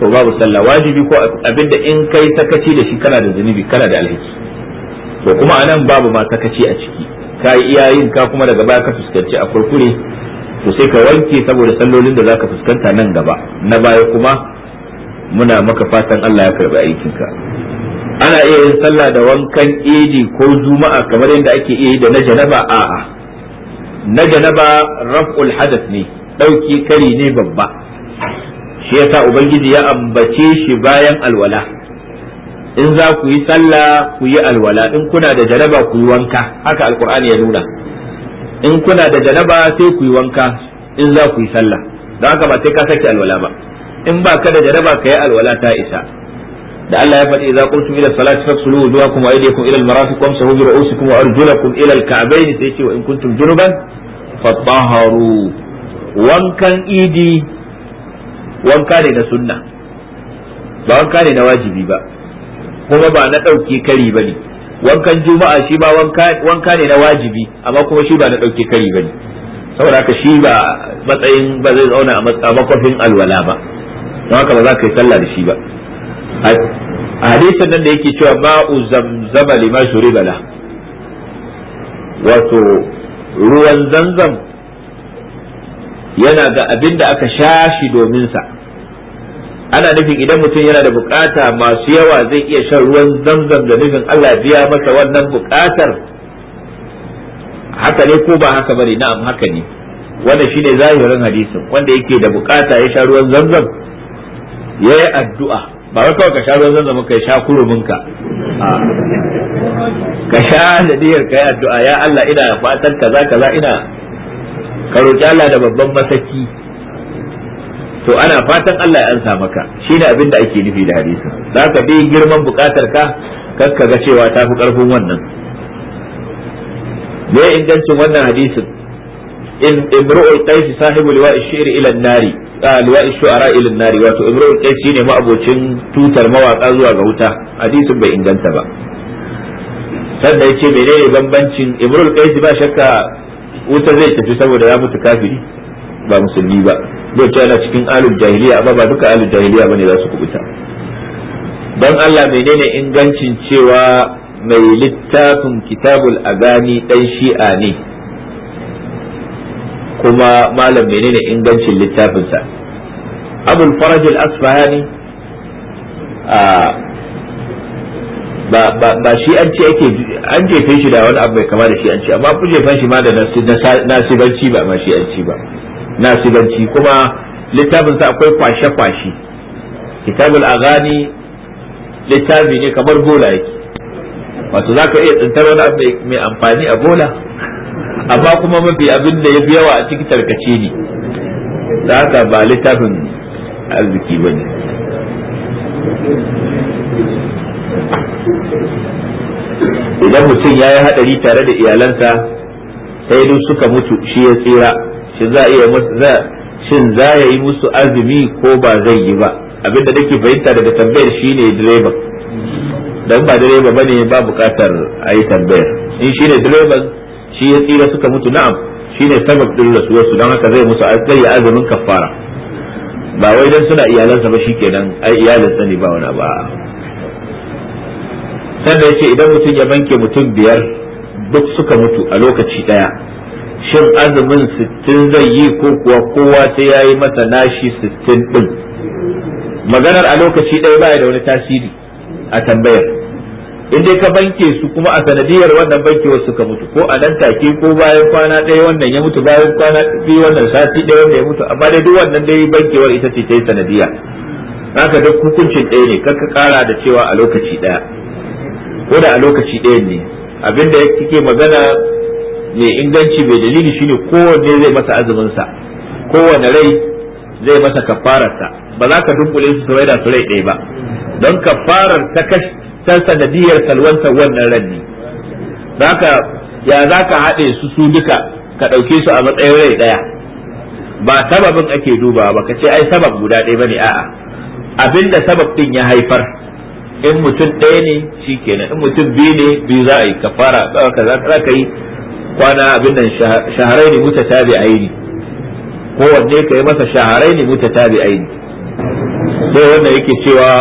to babu sallah wajibi ko abinda in kai sakaci da shi kana da zunubi kana da alhaki to kuma anan babu ma sakaci a ciki ka yi iyayin ka kuma daga baya ka fuskanci a kurkure to sai ka wanke saboda sallolin da zaka fuskanta nan gaba na baya kuma muna maka fatan Allah ya karbi ka ana iya yin sallah da wankan idi ko juma'a kamar yadda ake iya yi da na janaba a'a na janaba raf'ul hadath ne dauki kari ne babba shi yasa ubangiji ya ambace shi bayan alwala in za ku yi sallah ku yi alwala in kuna da janaba ku yi wanka haka alqur'ani ya nuna in kuna da janaba sai ku yi wanka in za ku yi sallah don haka ba sai ka sake alwala ba in ba ka da janaba ka yi alwala ta isa da Allah ya faɗi idza qultum ila salati faghsulu wujuhakum wa aydiyakum ila al-marafiq wamsahu bi ru'usikum wa arjulakum ila al-ka'bayn sai ce wa in kuntum junuban fatahharu wankan idi wanka ne na sunna ba wanka ne na wajibi ba kuma ba na ɗauki kari ba ne wankan juma'a shi ba wanka ne na wajibi amma kuma shi ba na ɗauki kari ba ne saboda haka shi ba matsayin ba zai zauna a makwafin alwala ba don haka ba za ka yi sallah da shi ba a hadisin nan da yake cewa u zamzama lima shuribala wato ruwan zanzam yana ga abin da aka sha shi domin sa ana nufin idan mutum yana da bukata masu yawa zai iya shan ruwan zamzam da nufin Allah biya masa wannan bukatar haka ne ko ba haka ba ne na'am haka ne wanda shine zahirin hadisin wanda yake da bukata ya sha ruwan zamzam ya yi addu'a ba wai kawai ka sha ruwan zamzam ka sha kurumin ka ka sha da niyyar ka yi addu'a ya Allah ina fatan kaza kaza ina ka roki Allah da babban masaki to ana fatan Allah ya ansa maka shine abin da ake nufi da hadisin zaka bi girman bukatar ka kakka ga cewa ta fi karfin wannan me ingancin wannan hadisin in imru'u qais sahibu liwa'i shi'ri ila an-nari liwa'i shu'ara ila an-nari wato imru'u qais shine ma'abocin tutar mawaka zuwa ga wuta hadisin bai inganta ba sannan yace menene bambancin imru'u qais ba shakka wuta zai tafi saboda ya mutu kafiri ba musulmi ba zai yana cikin alul jahiliya amma ba duka alul jahiliya bane za su kubuta don Allah menene ingancin cewa mai littafin kitabul agani dan shi'a ne kuma malam menene ingancin littafinsa abul faraj al-asfahani ba shi an ce ake an jefe shi da wani abu mai kama da shi an ce amma ku jefan shi ma da nasibanci ba ma shi an ce ba Na shiganci kuma littafin akwai kwashe-kwashe kitabul aghani littafi ne kamar bola yake wato zaka iya tsintar wani abu mai amfani a bola amma kuma mafi abin da ya fi yawa a cikin tarkace ne da ba littafin arziki ba ne idan mutum ya yi haɗari tare da iyalansa sai duk suka mutu shi ya tsira shin za iya shin za ya yi musu azumi ko ba zai yi ba abinda nake fahimta daga tambayar shine direba dan ba direba bane ba bukatar a yi tambayar in shine direban shi ya tsira suka mutu na'am shine sabab din rasuwarsu don haka zai musu zai yi azumin kafara ba wai dan suna iyalansa ba shikenan ai iyalansa ne ba wani ba sannan yace idan mutum ya banke mutum biyar duk suka mutu a lokaci daya shin azumin sittin zai yi ko kuwa kowa sai ya yi masa nashi sittin ɗin maganar a lokaci ɗaya baya da wani tasiri a tambayar in dai ka banke su kuma a sanadiyar wannan bankewar suka mutu ko a nan take ko bayan kwana ɗaya wannan ya mutu bayan kwana biyu wannan sati ɗaya wannan ya mutu amma dai duk wannan dai bankewar ita ce ta yi sanadiya haka duk hukuncin ɗaya ne kar ka ƙara da cewa a lokaci ɗaya ko da a lokaci ɗaya ne abinda kike magana mai inganci mai dalili shine kowanne zai masa azumin sa kowanne rai zai masa kafararsa ba za ka dunkule su sai da su rai ɗaya ba don kafarar ta kash ta sanadiyar salwanta wannan ranni zaka ya zaka haɗe su su duka ka ɗauke su a matsayin rai ɗaya ba sababin ake duba ba ka ce ai sabab guda ɗaya bane a'a abinda sabab din ya haifar in mutum ɗaya ne shi kenan in mutum biyu ne biyu za a yi kafara za ka yi kwana abin nan shaharai ne tabi aini. kowanne ka yi masa shaharai ne tabi aini. sai wannan yake cewa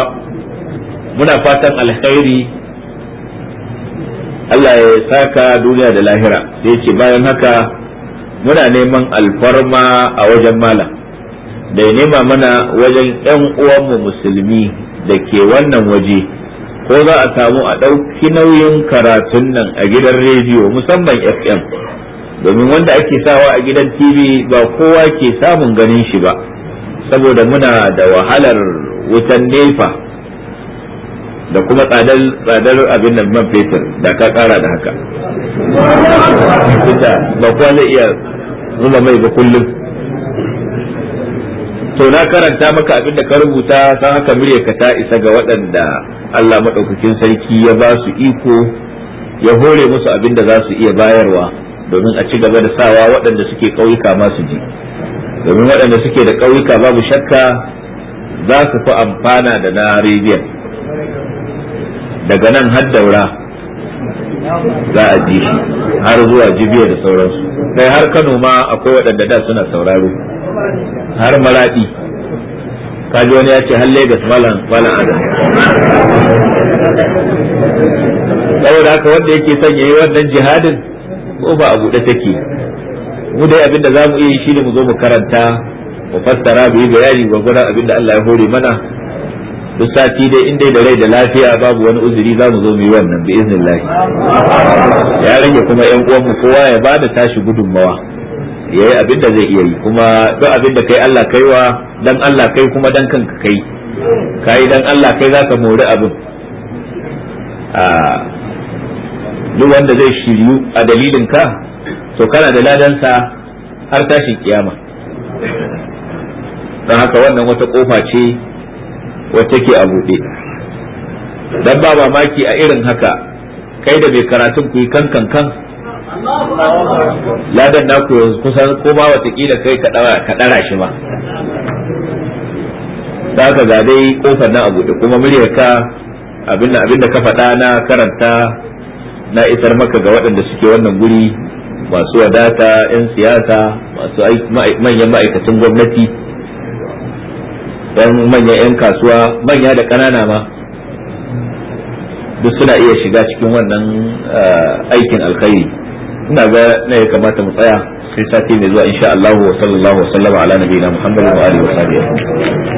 muna fatan alkhairi Allah ya saka duniya da lahira sai ce bayan haka muna neman alfarma a wajen malam da ya nema mana wajen 'yan uwanmu musulmi da ke wannan waje ko za a samu a ɗauki nauyin karatun nan a gidan rediyo musamman fm domin wanda ake sawa a gidan tv ba kowa ke samun ganin shi ba saboda muna da wahalar wutan nefa da kuma tsadar abin nan man fetur da ka kara da haka ba kowa zai iya zuma mai ba kullum to na karanta maka abin da ka rubuta san haka ka ta isa ga waɗanda Allah maɗaukakin sarki ya ba su iko ya hore musu abin da za su iya bayarwa domin a ci gaba da sawa waɗanda suke ƙauyuka masu ji domin waɗanda suke da ƙauyuka babu shakka za su fi amfana da na rediyon daga nan har daura za a ji shi har zuwa jibiya da sauransu kai har kano ma akwai waɗanda da suna sauraro har maraɗi kaji wani ya ce har legas malam malam Adam saboda haka wanda yake son yayi wannan jihadin ko ba a buɗe take mu dai abinda za mu iya yi shine mu zo mu karanta mu fassara mu yi bayani gwagwaran abinda Allah ya hore mana duk sati dai in dai da rai da lafiya babu wani uzuri za mu zo mu yi wannan bi iznillah ya rage kuma yan uwan mu kowa ya bada tashi gudunmawa ya yi abin da zai iya yi kuma duk abin da kai Allah kaiwa dan Allah kai kuma dan kanka kai kai dan Allah kai za ka mori abin ah, duk wanda zai shiryu a dalilin ka to kana da ladansa har tashin kiyama don haka wannan wata kofa ce wacce ke a buɗe dan ba mamaki a irin haka kai da mai karatun ku yi kankan kan ladan naku yanzu kusan ko ma watakila kai ka ɗara shi ma da ka ga dai kofar nan a buɗe kuma muryar ka abin da ka faɗa na karanta na isar maka ga waɗanda suke wannan guri masu wadata 'yan siyasa masu manyan ma'aikatan gwamnati yan manyan 'yan kasuwa manya da ƙanana ma duk suna iya shiga cikin wannan eh, aikin alkhairi ina ga na ya kamata mu tsaya sai sati mai zuwa insha Allah wa sallallahu wa sallama ala nabiyina Muhammad wa alihi wa sahbihi